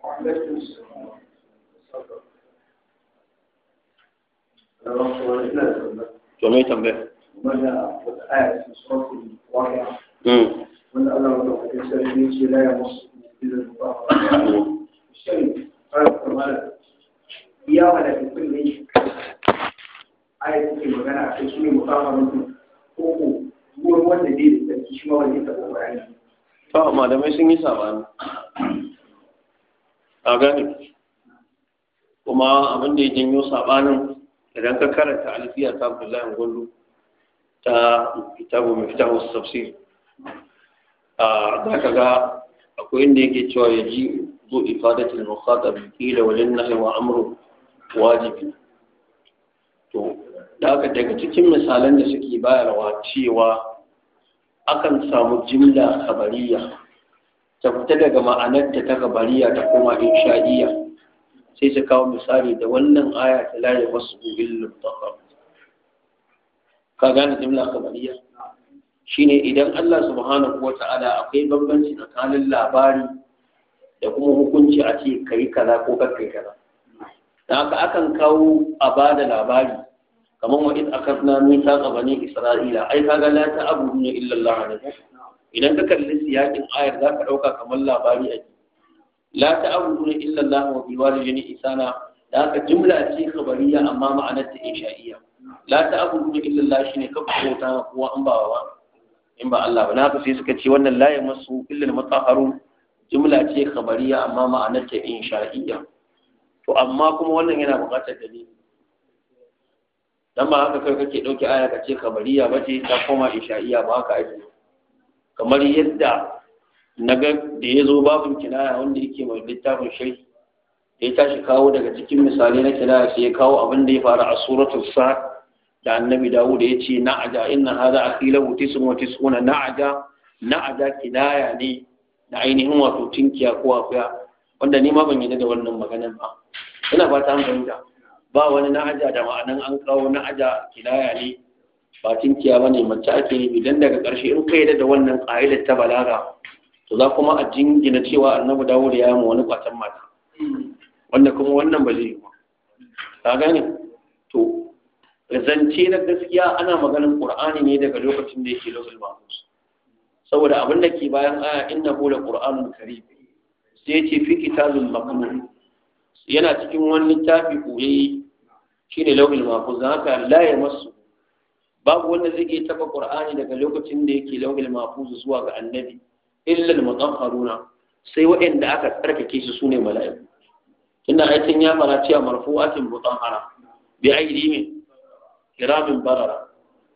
جميل تنبيه. ماذا أقول؟ آية في سورة الواقعة. أمم. وأن الله يقول: "إن شاء الله يمس بذل المطهر". الشيء، آية القرآن. إياها لكن كل آية في سورة المطهر منكم. ruwan wanda bai da tsarki shi ma wani ta tsammani. to sun yi sabani a gane kuma abin da ya janyo sabanin idan ka karanta alfiya ta abdullahi gwandu ta kitabu mai fita wasu a za ka ga akwai inda yake cewa ya ji zo ifadatul muqaddam kila wajen nahi wa amru wajibi to da aka daga cikin misalan da suke bayarwa cewa akan samu jimla kabariya ta fita daga ma'anarta ta kabariya ta koma insha'iya sai su kawo misali da wannan aya ta laye wasu gugun luttafa ka gane jimla kabariya shine idan Allah subhanahu wa ta'ala akwai bambanci tsakanin labari da kuma hukunci a ce kai kaza ko kai kaza da haka akan kawo a ba da labari kamar wa iz akadna mithaqa bani isra'ila ai kaga la ta'budu illa Allah ne idan ka kalli siyakin ayar za ka dauka kamar labari ake la ta'budu illa Allah wa bil walidayni isana da haka jumla ce khabariya amma ma'anar ta insha'iyya la ta'budu illa Allah shine ka kota kowa an ba in ba Allah ba na haka sai suka ce wannan la yamassu illa al-mutahharun jumla ce khabariya amma ma'anar ta insha'iyya to amma kuma wannan yana buƙatar dalili dan ba haka kai kake dauki aya ka ce kabariya ba ce ta koma isha'iya ba haka ake kamar yadda na ga da ya zo babin kinaya wanda yake mai littafin shai ya tashi kawo daga cikin misali na kinaya sai ya kawo abin da ya faru a suratul sa'ad da annabi dawud ya ce na'aja inna hadha aqilahu tis'un wa tis'una na'aja na'aja kinaya ne da ainihin wato tinkiya ko akuya wanda ni ma ban yi da wannan maganar ba ina fata an fahimta ba wani na'aja da ma'anan an kawo na'aja kilaya ne ba tinkiya ba ne mace ake nufi don daga ƙarshe in kai da wannan ƙa'idar ta balaga to za kuma a jingina cewa annabi dawud ya mu wani kwatan mata wanda kuma wannan ba zai yi ba ka gane to zance na gaskiya ana maganin qur'ani ne daga lokacin da yake lokacin ba saboda abin da ke bayan aya inna la qur'anun karim sai ce fi kitabul maqmun yana cikin wani littafi koyayye ne lauhin mahfuz dan haka la ya masu babu wanda zai iya taba qur'ani daga lokacin da yake lauhin mahfuz zuwa ga annabi illa al mutahharuna sai waɗanda aka tsarkake su sune mala'iku inna ayatin ya mara cewa marfu'atin mutahhara bi aidi min kiramin barara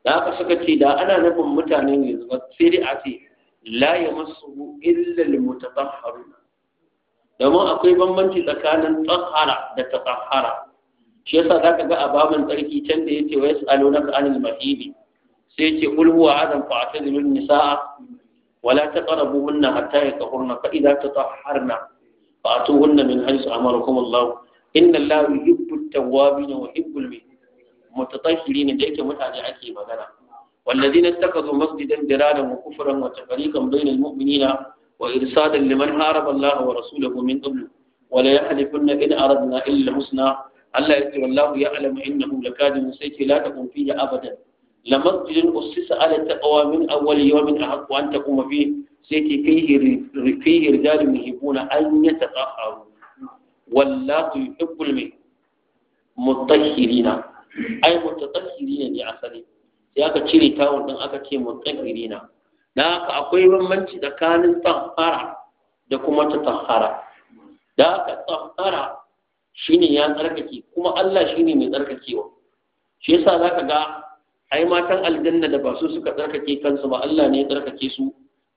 da aka suka ce da ana nufin mutane ne sai dai a ce la ya masu illa limutatahharuna domin akwai bambanci tsakanin tsahara da tsahara shi yasa zaka ga ababan tsarki can da yace wa yasalunaka anil mahidi sai yace qul adam fa atazilun nisaa wala taqrabuhunna hatta yatahurna fa idza tatahharna fa atuhunna min haythu amarakum Allah inna Allah yuhibbu at ne wa yuhibbu al-mutatahhirin da yake mutane ake magana والذين اتخذوا مسجدا درارا وكفرا وتفريقا بين المؤمنين وإرصادا لمن هارب الله ورسوله من قبل ولا يحلفن إن أردنا إلا الحسنى Allah ya ce wallahu ya'lamu innahu lakadun sai ce la taqum fihi abadan لمسجد أسس على التقوى من أول يوم أحق أن تقوم فيه سيتي فيه فيه رجال يحبون أن يتطهروا واللات يحب المي مطهرين أي متطهرين asali. sai aka cire tawon din aka ce mutahirina na haka akwai bambanci tsakanin tahara da kuma tatahara da haka tahara shine ya tsarkake kuma Allah shine mai tsarkakewa shi yasa zaka ga ai matan aljanna da ba su suka tsarkake kansu ba Allah ne ya tsarkake su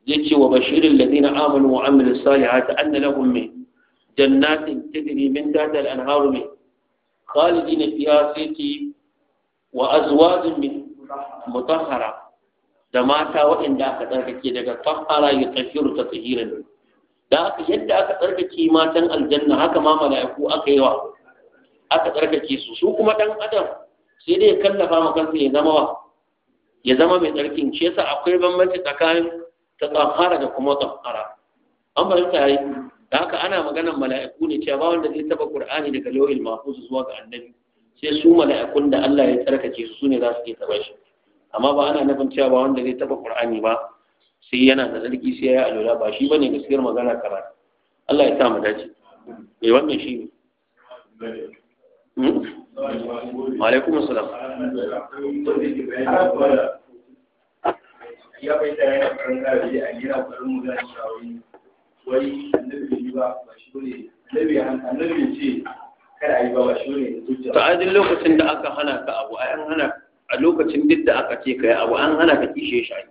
zai ce wa bashirin ladina amanu wa amilus salihati anna lahum min jannatin tajri min tahtiha al-anharu min khalidin fiha sayti wa azwajun min mutahhara da mata waɗanda aka tsarkake daga tahara ya tafiru ta da haka yadda aka tsarkake matan aljanna haka ma mala'iku aka yi wa aka tsarkake su su kuma dan adam sai dai ya kallafa ma kansa ya zama ya zama mai tsarkin shi yasa akwai bambanci tsakanin ta tsamhara da kuma tsamhara an fahimta tare da haka ana maganar mala'iku ne cewa ba wanda zai taba qur'ani daga lawil mahfuz zuwa ga annabi sai su mala'ikun da Allah ya tsarkake su sune za su iya taba shi amma ba ana nufin cewa ba wanda zai taba qur'ani ba sai yana da zarki sai ya alula ba shi bane gaskiyar magana karatu Allah ya sa mu dace eh wannan shi ne hmm? wa alaikum assalam ya bai ta yana karin karabi a gida karin magana shawari wai annabi ba ba shi bane annabi annabi ce kada a yi ba ba shi bane zuciya ajin lokacin da aka hana ka abu ai an hana a lokacin duk da aka ce ka yi abu an hana ka kishe shi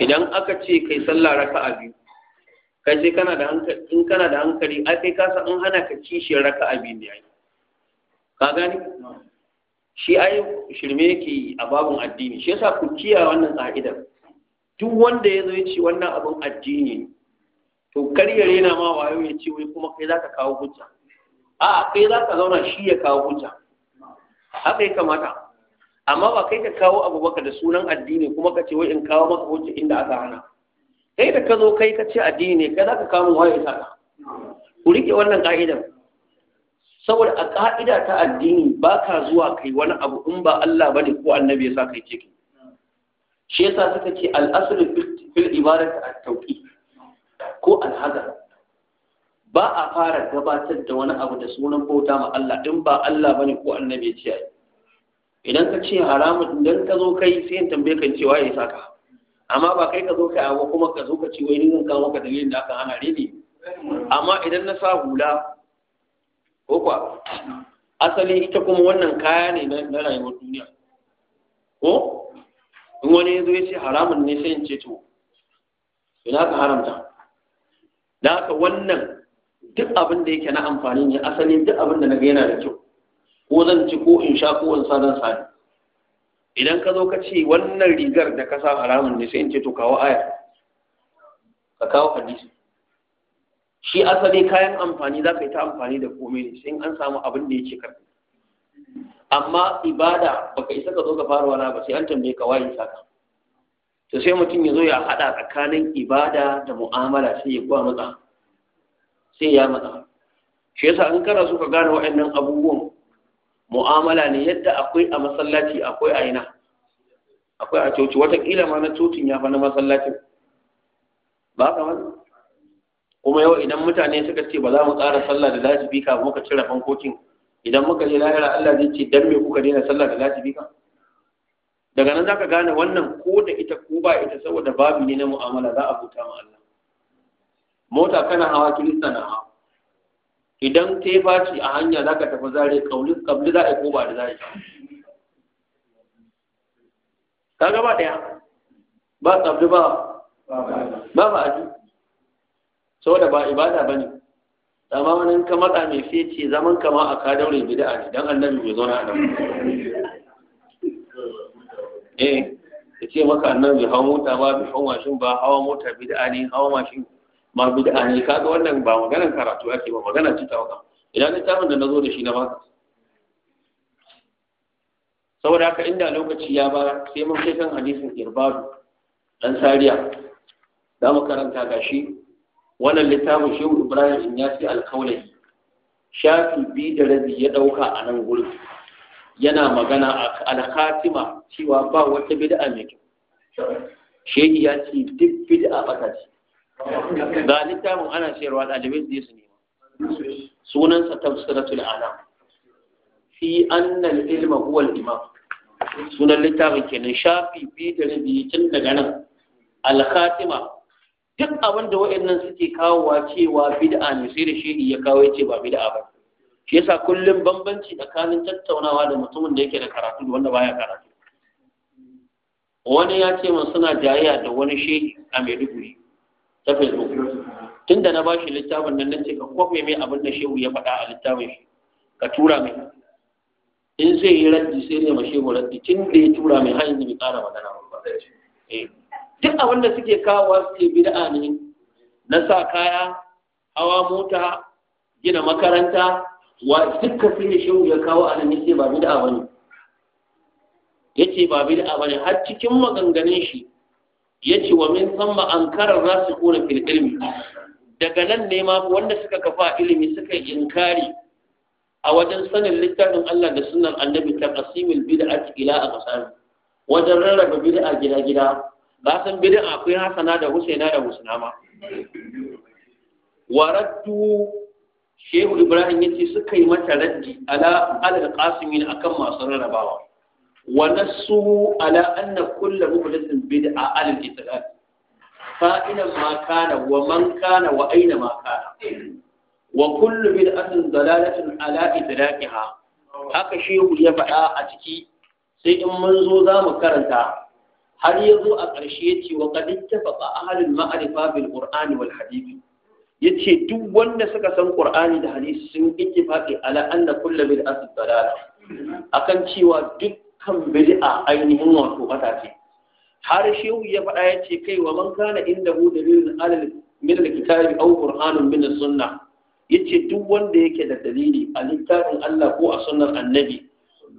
idan aka ce kai sallah a biyu kai sai kana da hankali in kana da hankali ai kai ka san an hana ka kishiyar a biyu ne ai ka gani shi ai shirme yake a babun addini shi yasa ku kiyaye wannan ka'idar duk wanda ya zo ya ce wannan abun addini ne to ya rena ma wayo ya ce wai kuma kai za ka kawo hujja a kai za ka zauna shi ya kawo hujja haka ya kamata amma ba kai ka kawo abu baka da sunan addini kuma ka ce wai in kawo maka hujja inda aka hana kai da ka zo kai ka ce addini ne kai za ka kawo waye ta ku rike wannan ka'ida saboda a ka'ida ta addini ba ka zuwa kai wani abu in ba Allah ba ne ko annabi ya sa kai ciki shi yasa suka ce al'asulu fil ibadati at-tawqi ko al-hadar ba a fara gabatar da wani abu da sunan bauta ma Allah din ba Allah bane ko annabi ya ce idan ka ce haramun idan ka zo kai sai in tambaye kan cewa ya saka amma ba kai ka zo kai abu kuma ka zo ka ce wai ni zan kawo maka dalilin da aka hana rini amma idan na sa hula ko kwa asali ita kuma wannan kaya ne na rayuwar duniya ko in wani ya zo ya ce haramun ne sai in ce to ina ka haramta da ka wannan duk abin da yake na amfani ne asali duk abin da na ga yana da kyau ko zan ci ko in sha ko in sa dan sani idan ka zo ka ce wannan rigar da ka sa haramun ne sai in ce to kawo aya ka kawo hadisi shi asali kayan amfani za ka yi ta amfani da komai ne sai an samu abin da ya ce karfi amma ibada baka isa ka zo ka fara wala ba sai an tambaye ka wayin saka to sai mutum ya zo ya haɗa tsakanin ibada da mu'amala sai ya kuwa matsa sai ya matsa shi yasa an kara suka ka gane waɗannan abubuwan mu'amala ne yadda akwai a masallaci akwai a ina akwai a coci watakila ma na cocin ya fa na masallacin ba ka wani kuma yau idan mutane suka ce ba za mu ƙara sallah da lajibi ka muka cire fankokin idan muka je lahira Allah zai ce dan me kuka daina sallah da lati bika daga nan zaka gane wannan ko da ita ko ba ita saboda babu ne na mu'amala za a huta ma Allah mota kana hawa kirista na hawa idan ta yi baci a hanya za ka tafi zare kabli za a yi ko ba da zare ka gaba ɗaya ba kabli ba ba ba aji da ba ibada ba ne zama wani ka matsa mai fiye ce zaman kama a ka daure bida ne don annabi bai zo na adam eh ya ce maka annabi hawa mota ba bai hawa mashin ba hawa mota bida ne hawa mashin ma bid'a ne kaga wannan ba maganar karatu ake ba magana ce ta wata idan littafin da nazo da shi na baka saboda haka inda lokaci ya ba sai mun kai kan hadisin irbadu dan sariya za mu karanta gashi wannan littafin shehu ibrahim in yasi alkaulai shafi bi da rabi ya dauka a nan gurin yana magana a alkhatima cewa ba wata bid'a mai kyau shehi ya ce duk bid'a bata ce ga littafin ana sayarwa ɗalibai su su nema sunansa Ana fi annal ilma huwal sunan littafin kenan shafi biyu da rabi tun daga nan al duk abin da wa'annan suke kawowa cewa bid'a ne sai da shehi ya kawo ce ba bid'a ba shi yasa kullum bambanci tsakanin tattaunawa da mutumin da yake da karatu da wanda baya karatu wani ya ce min suna jayya da wani shehi a Maiduguri ta facebook tunda na bashi littafin nan nace ka kwafe mai abin da shehu ya faɗa a littafin shi ka tura mai in zai yi raddi sai ne ma shehu raddi tun da ya tura mai har yanzu bai ƙara magana ba eh. duk abin da suke kawowa suke bid'a ne na sa kaya hawa mota gina makaranta wa dukkan sun shehu ya kawo a nan ce ba bid'a bane yace ba bid'a bane har cikin maganganun shi Ya ce wa min thamma za su fil ilmi daga nan ne ma wanda suka kafa ilimi suka yi inkari a wajen sanin littafin Allah da sunan annabi ta qasimil bid'ati ila kasar wajen rarraba bid'a gida gida ba san bid'a akwai hasana da husaina da husna ma waraddu shehu ibrahim yace suka yi mata raddi ala al qasimin akan masu rarrabawa ونصه على أن كل مخلص بدعة على الإطلاق فإن ما كان ومن كان وأينما كان وكل بدعة ضلالة على إدراكها haka shehu ya faɗa a ciki sai in mun zo za mu karanta har ya zo a ƙarshe ya ce wa ƙadin a ahalin ma'arifa bil ƙur'ani wal hadisi ya ce duk wanda suka san ƙur'ani da hadisi sun ittifaƙi ala anna kullu bil asd dalala akan cewa duk dukkan bid'a ainihin wato bata ce har shehu ya faɗa ya ce kai wa man kana inda hu dalilin alal min alkitabi aw qur'anun min sunna yace duk wanda yake da dalili a littafin Allah ko a sunnar annabi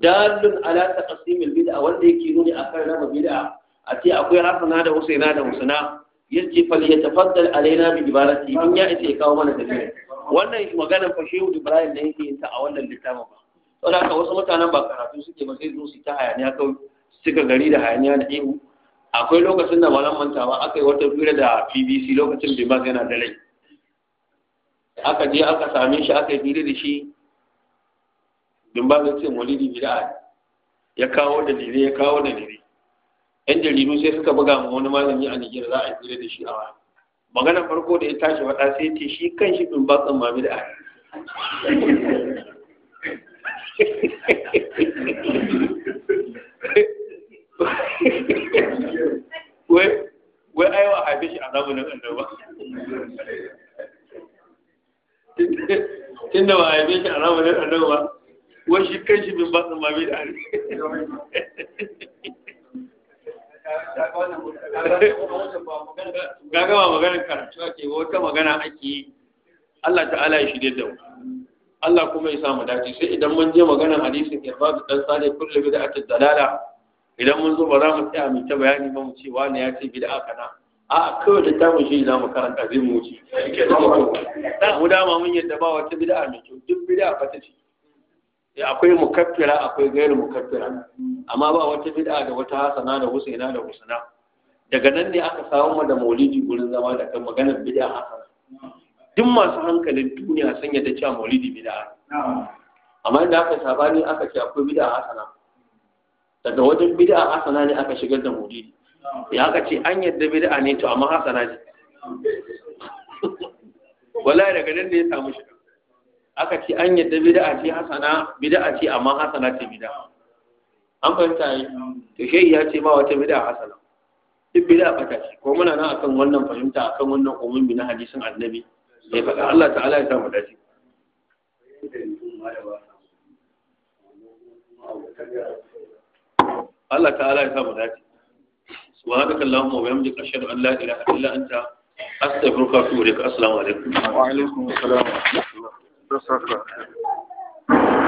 dalun ala taqsim bida wanda yake nuni akan rama bid'a a ce akwai hasana da husaina da husna yace fal yatafaddal alaina bi ibarati in ya ita ya kawo mana dalili wannan maganar fa shehu Ibrahim da yake yin ta a wannan littafin wanda aka wasu mutanen ba karatu suke ba sai zo su ta hayaniya kawai suka gari da hayaniya da ihu akwai lokacin da malam mantawa aka yi wata fira da BBC lokacin bai ba yana da rai aka je aka same shi aka yi fira da shi dumba ba zai ce maulidi bid'a ya kawo da dire ya kawo da dire yan jaridu sai suka buga ma wani malami a nigeria za a yi fira da shi a wani maganar farko da ya tashi faɗa sai ce shi kan shi dumba ba tsammami da wai haife shi a zamanin annaba tun da ba haife shi a zamanin annaba wai shi kan shi min ba da maganar karatu ake wata magana ake yi Allah ta'ala ya shirye da Allah kuma ya sa mu dace sai idan mun je maganar hadisin Irbad dan Sale kullu bid'atid dalala idan mun zo ba za mu tsaya mu ta bayani ba mu ce wani ya ce bid'a kana a kawai da tamu shi za mu karanta zai mu wuce mu dama mun yadda ba wata bid'a mai kyau duk bid'a fata ce eh, akwai mukaffira akwai gairu mukaffira amma ba wata bid'a da wata hasana da husaina da husana daga nan ne aka samu da maulidi gurin zama da kan maganar bid'a hasana duk masu hankalin duniya sun ta cewa maulidi bid'a amma da aka sabani aka ce akwai bid'a hasana daga wajen bid'a hasana ne aka shigar da maulidi ya aka ce an yadda bid'a ne to amma hasana ne wallahi daga nan da ya samu shi aka ce an yadda bid'a ce hasana bid'a ce amma hasana ce bid'a an fahimta yi to shehi ya ce ba wata bid'a hasana duk bid'a bata ce ko muna nan akan wannan fahimta akan wannan umumi na hadisin annabi ya faɗa Allah ta'ala ya samu dace Allah ta'ala ya samu dace subhanaka allahumma wa bihamdika ashhadu an la ilaha illa anta astaghfiruka wa atubu ilaik assalamu alaikum wa alaikum assalam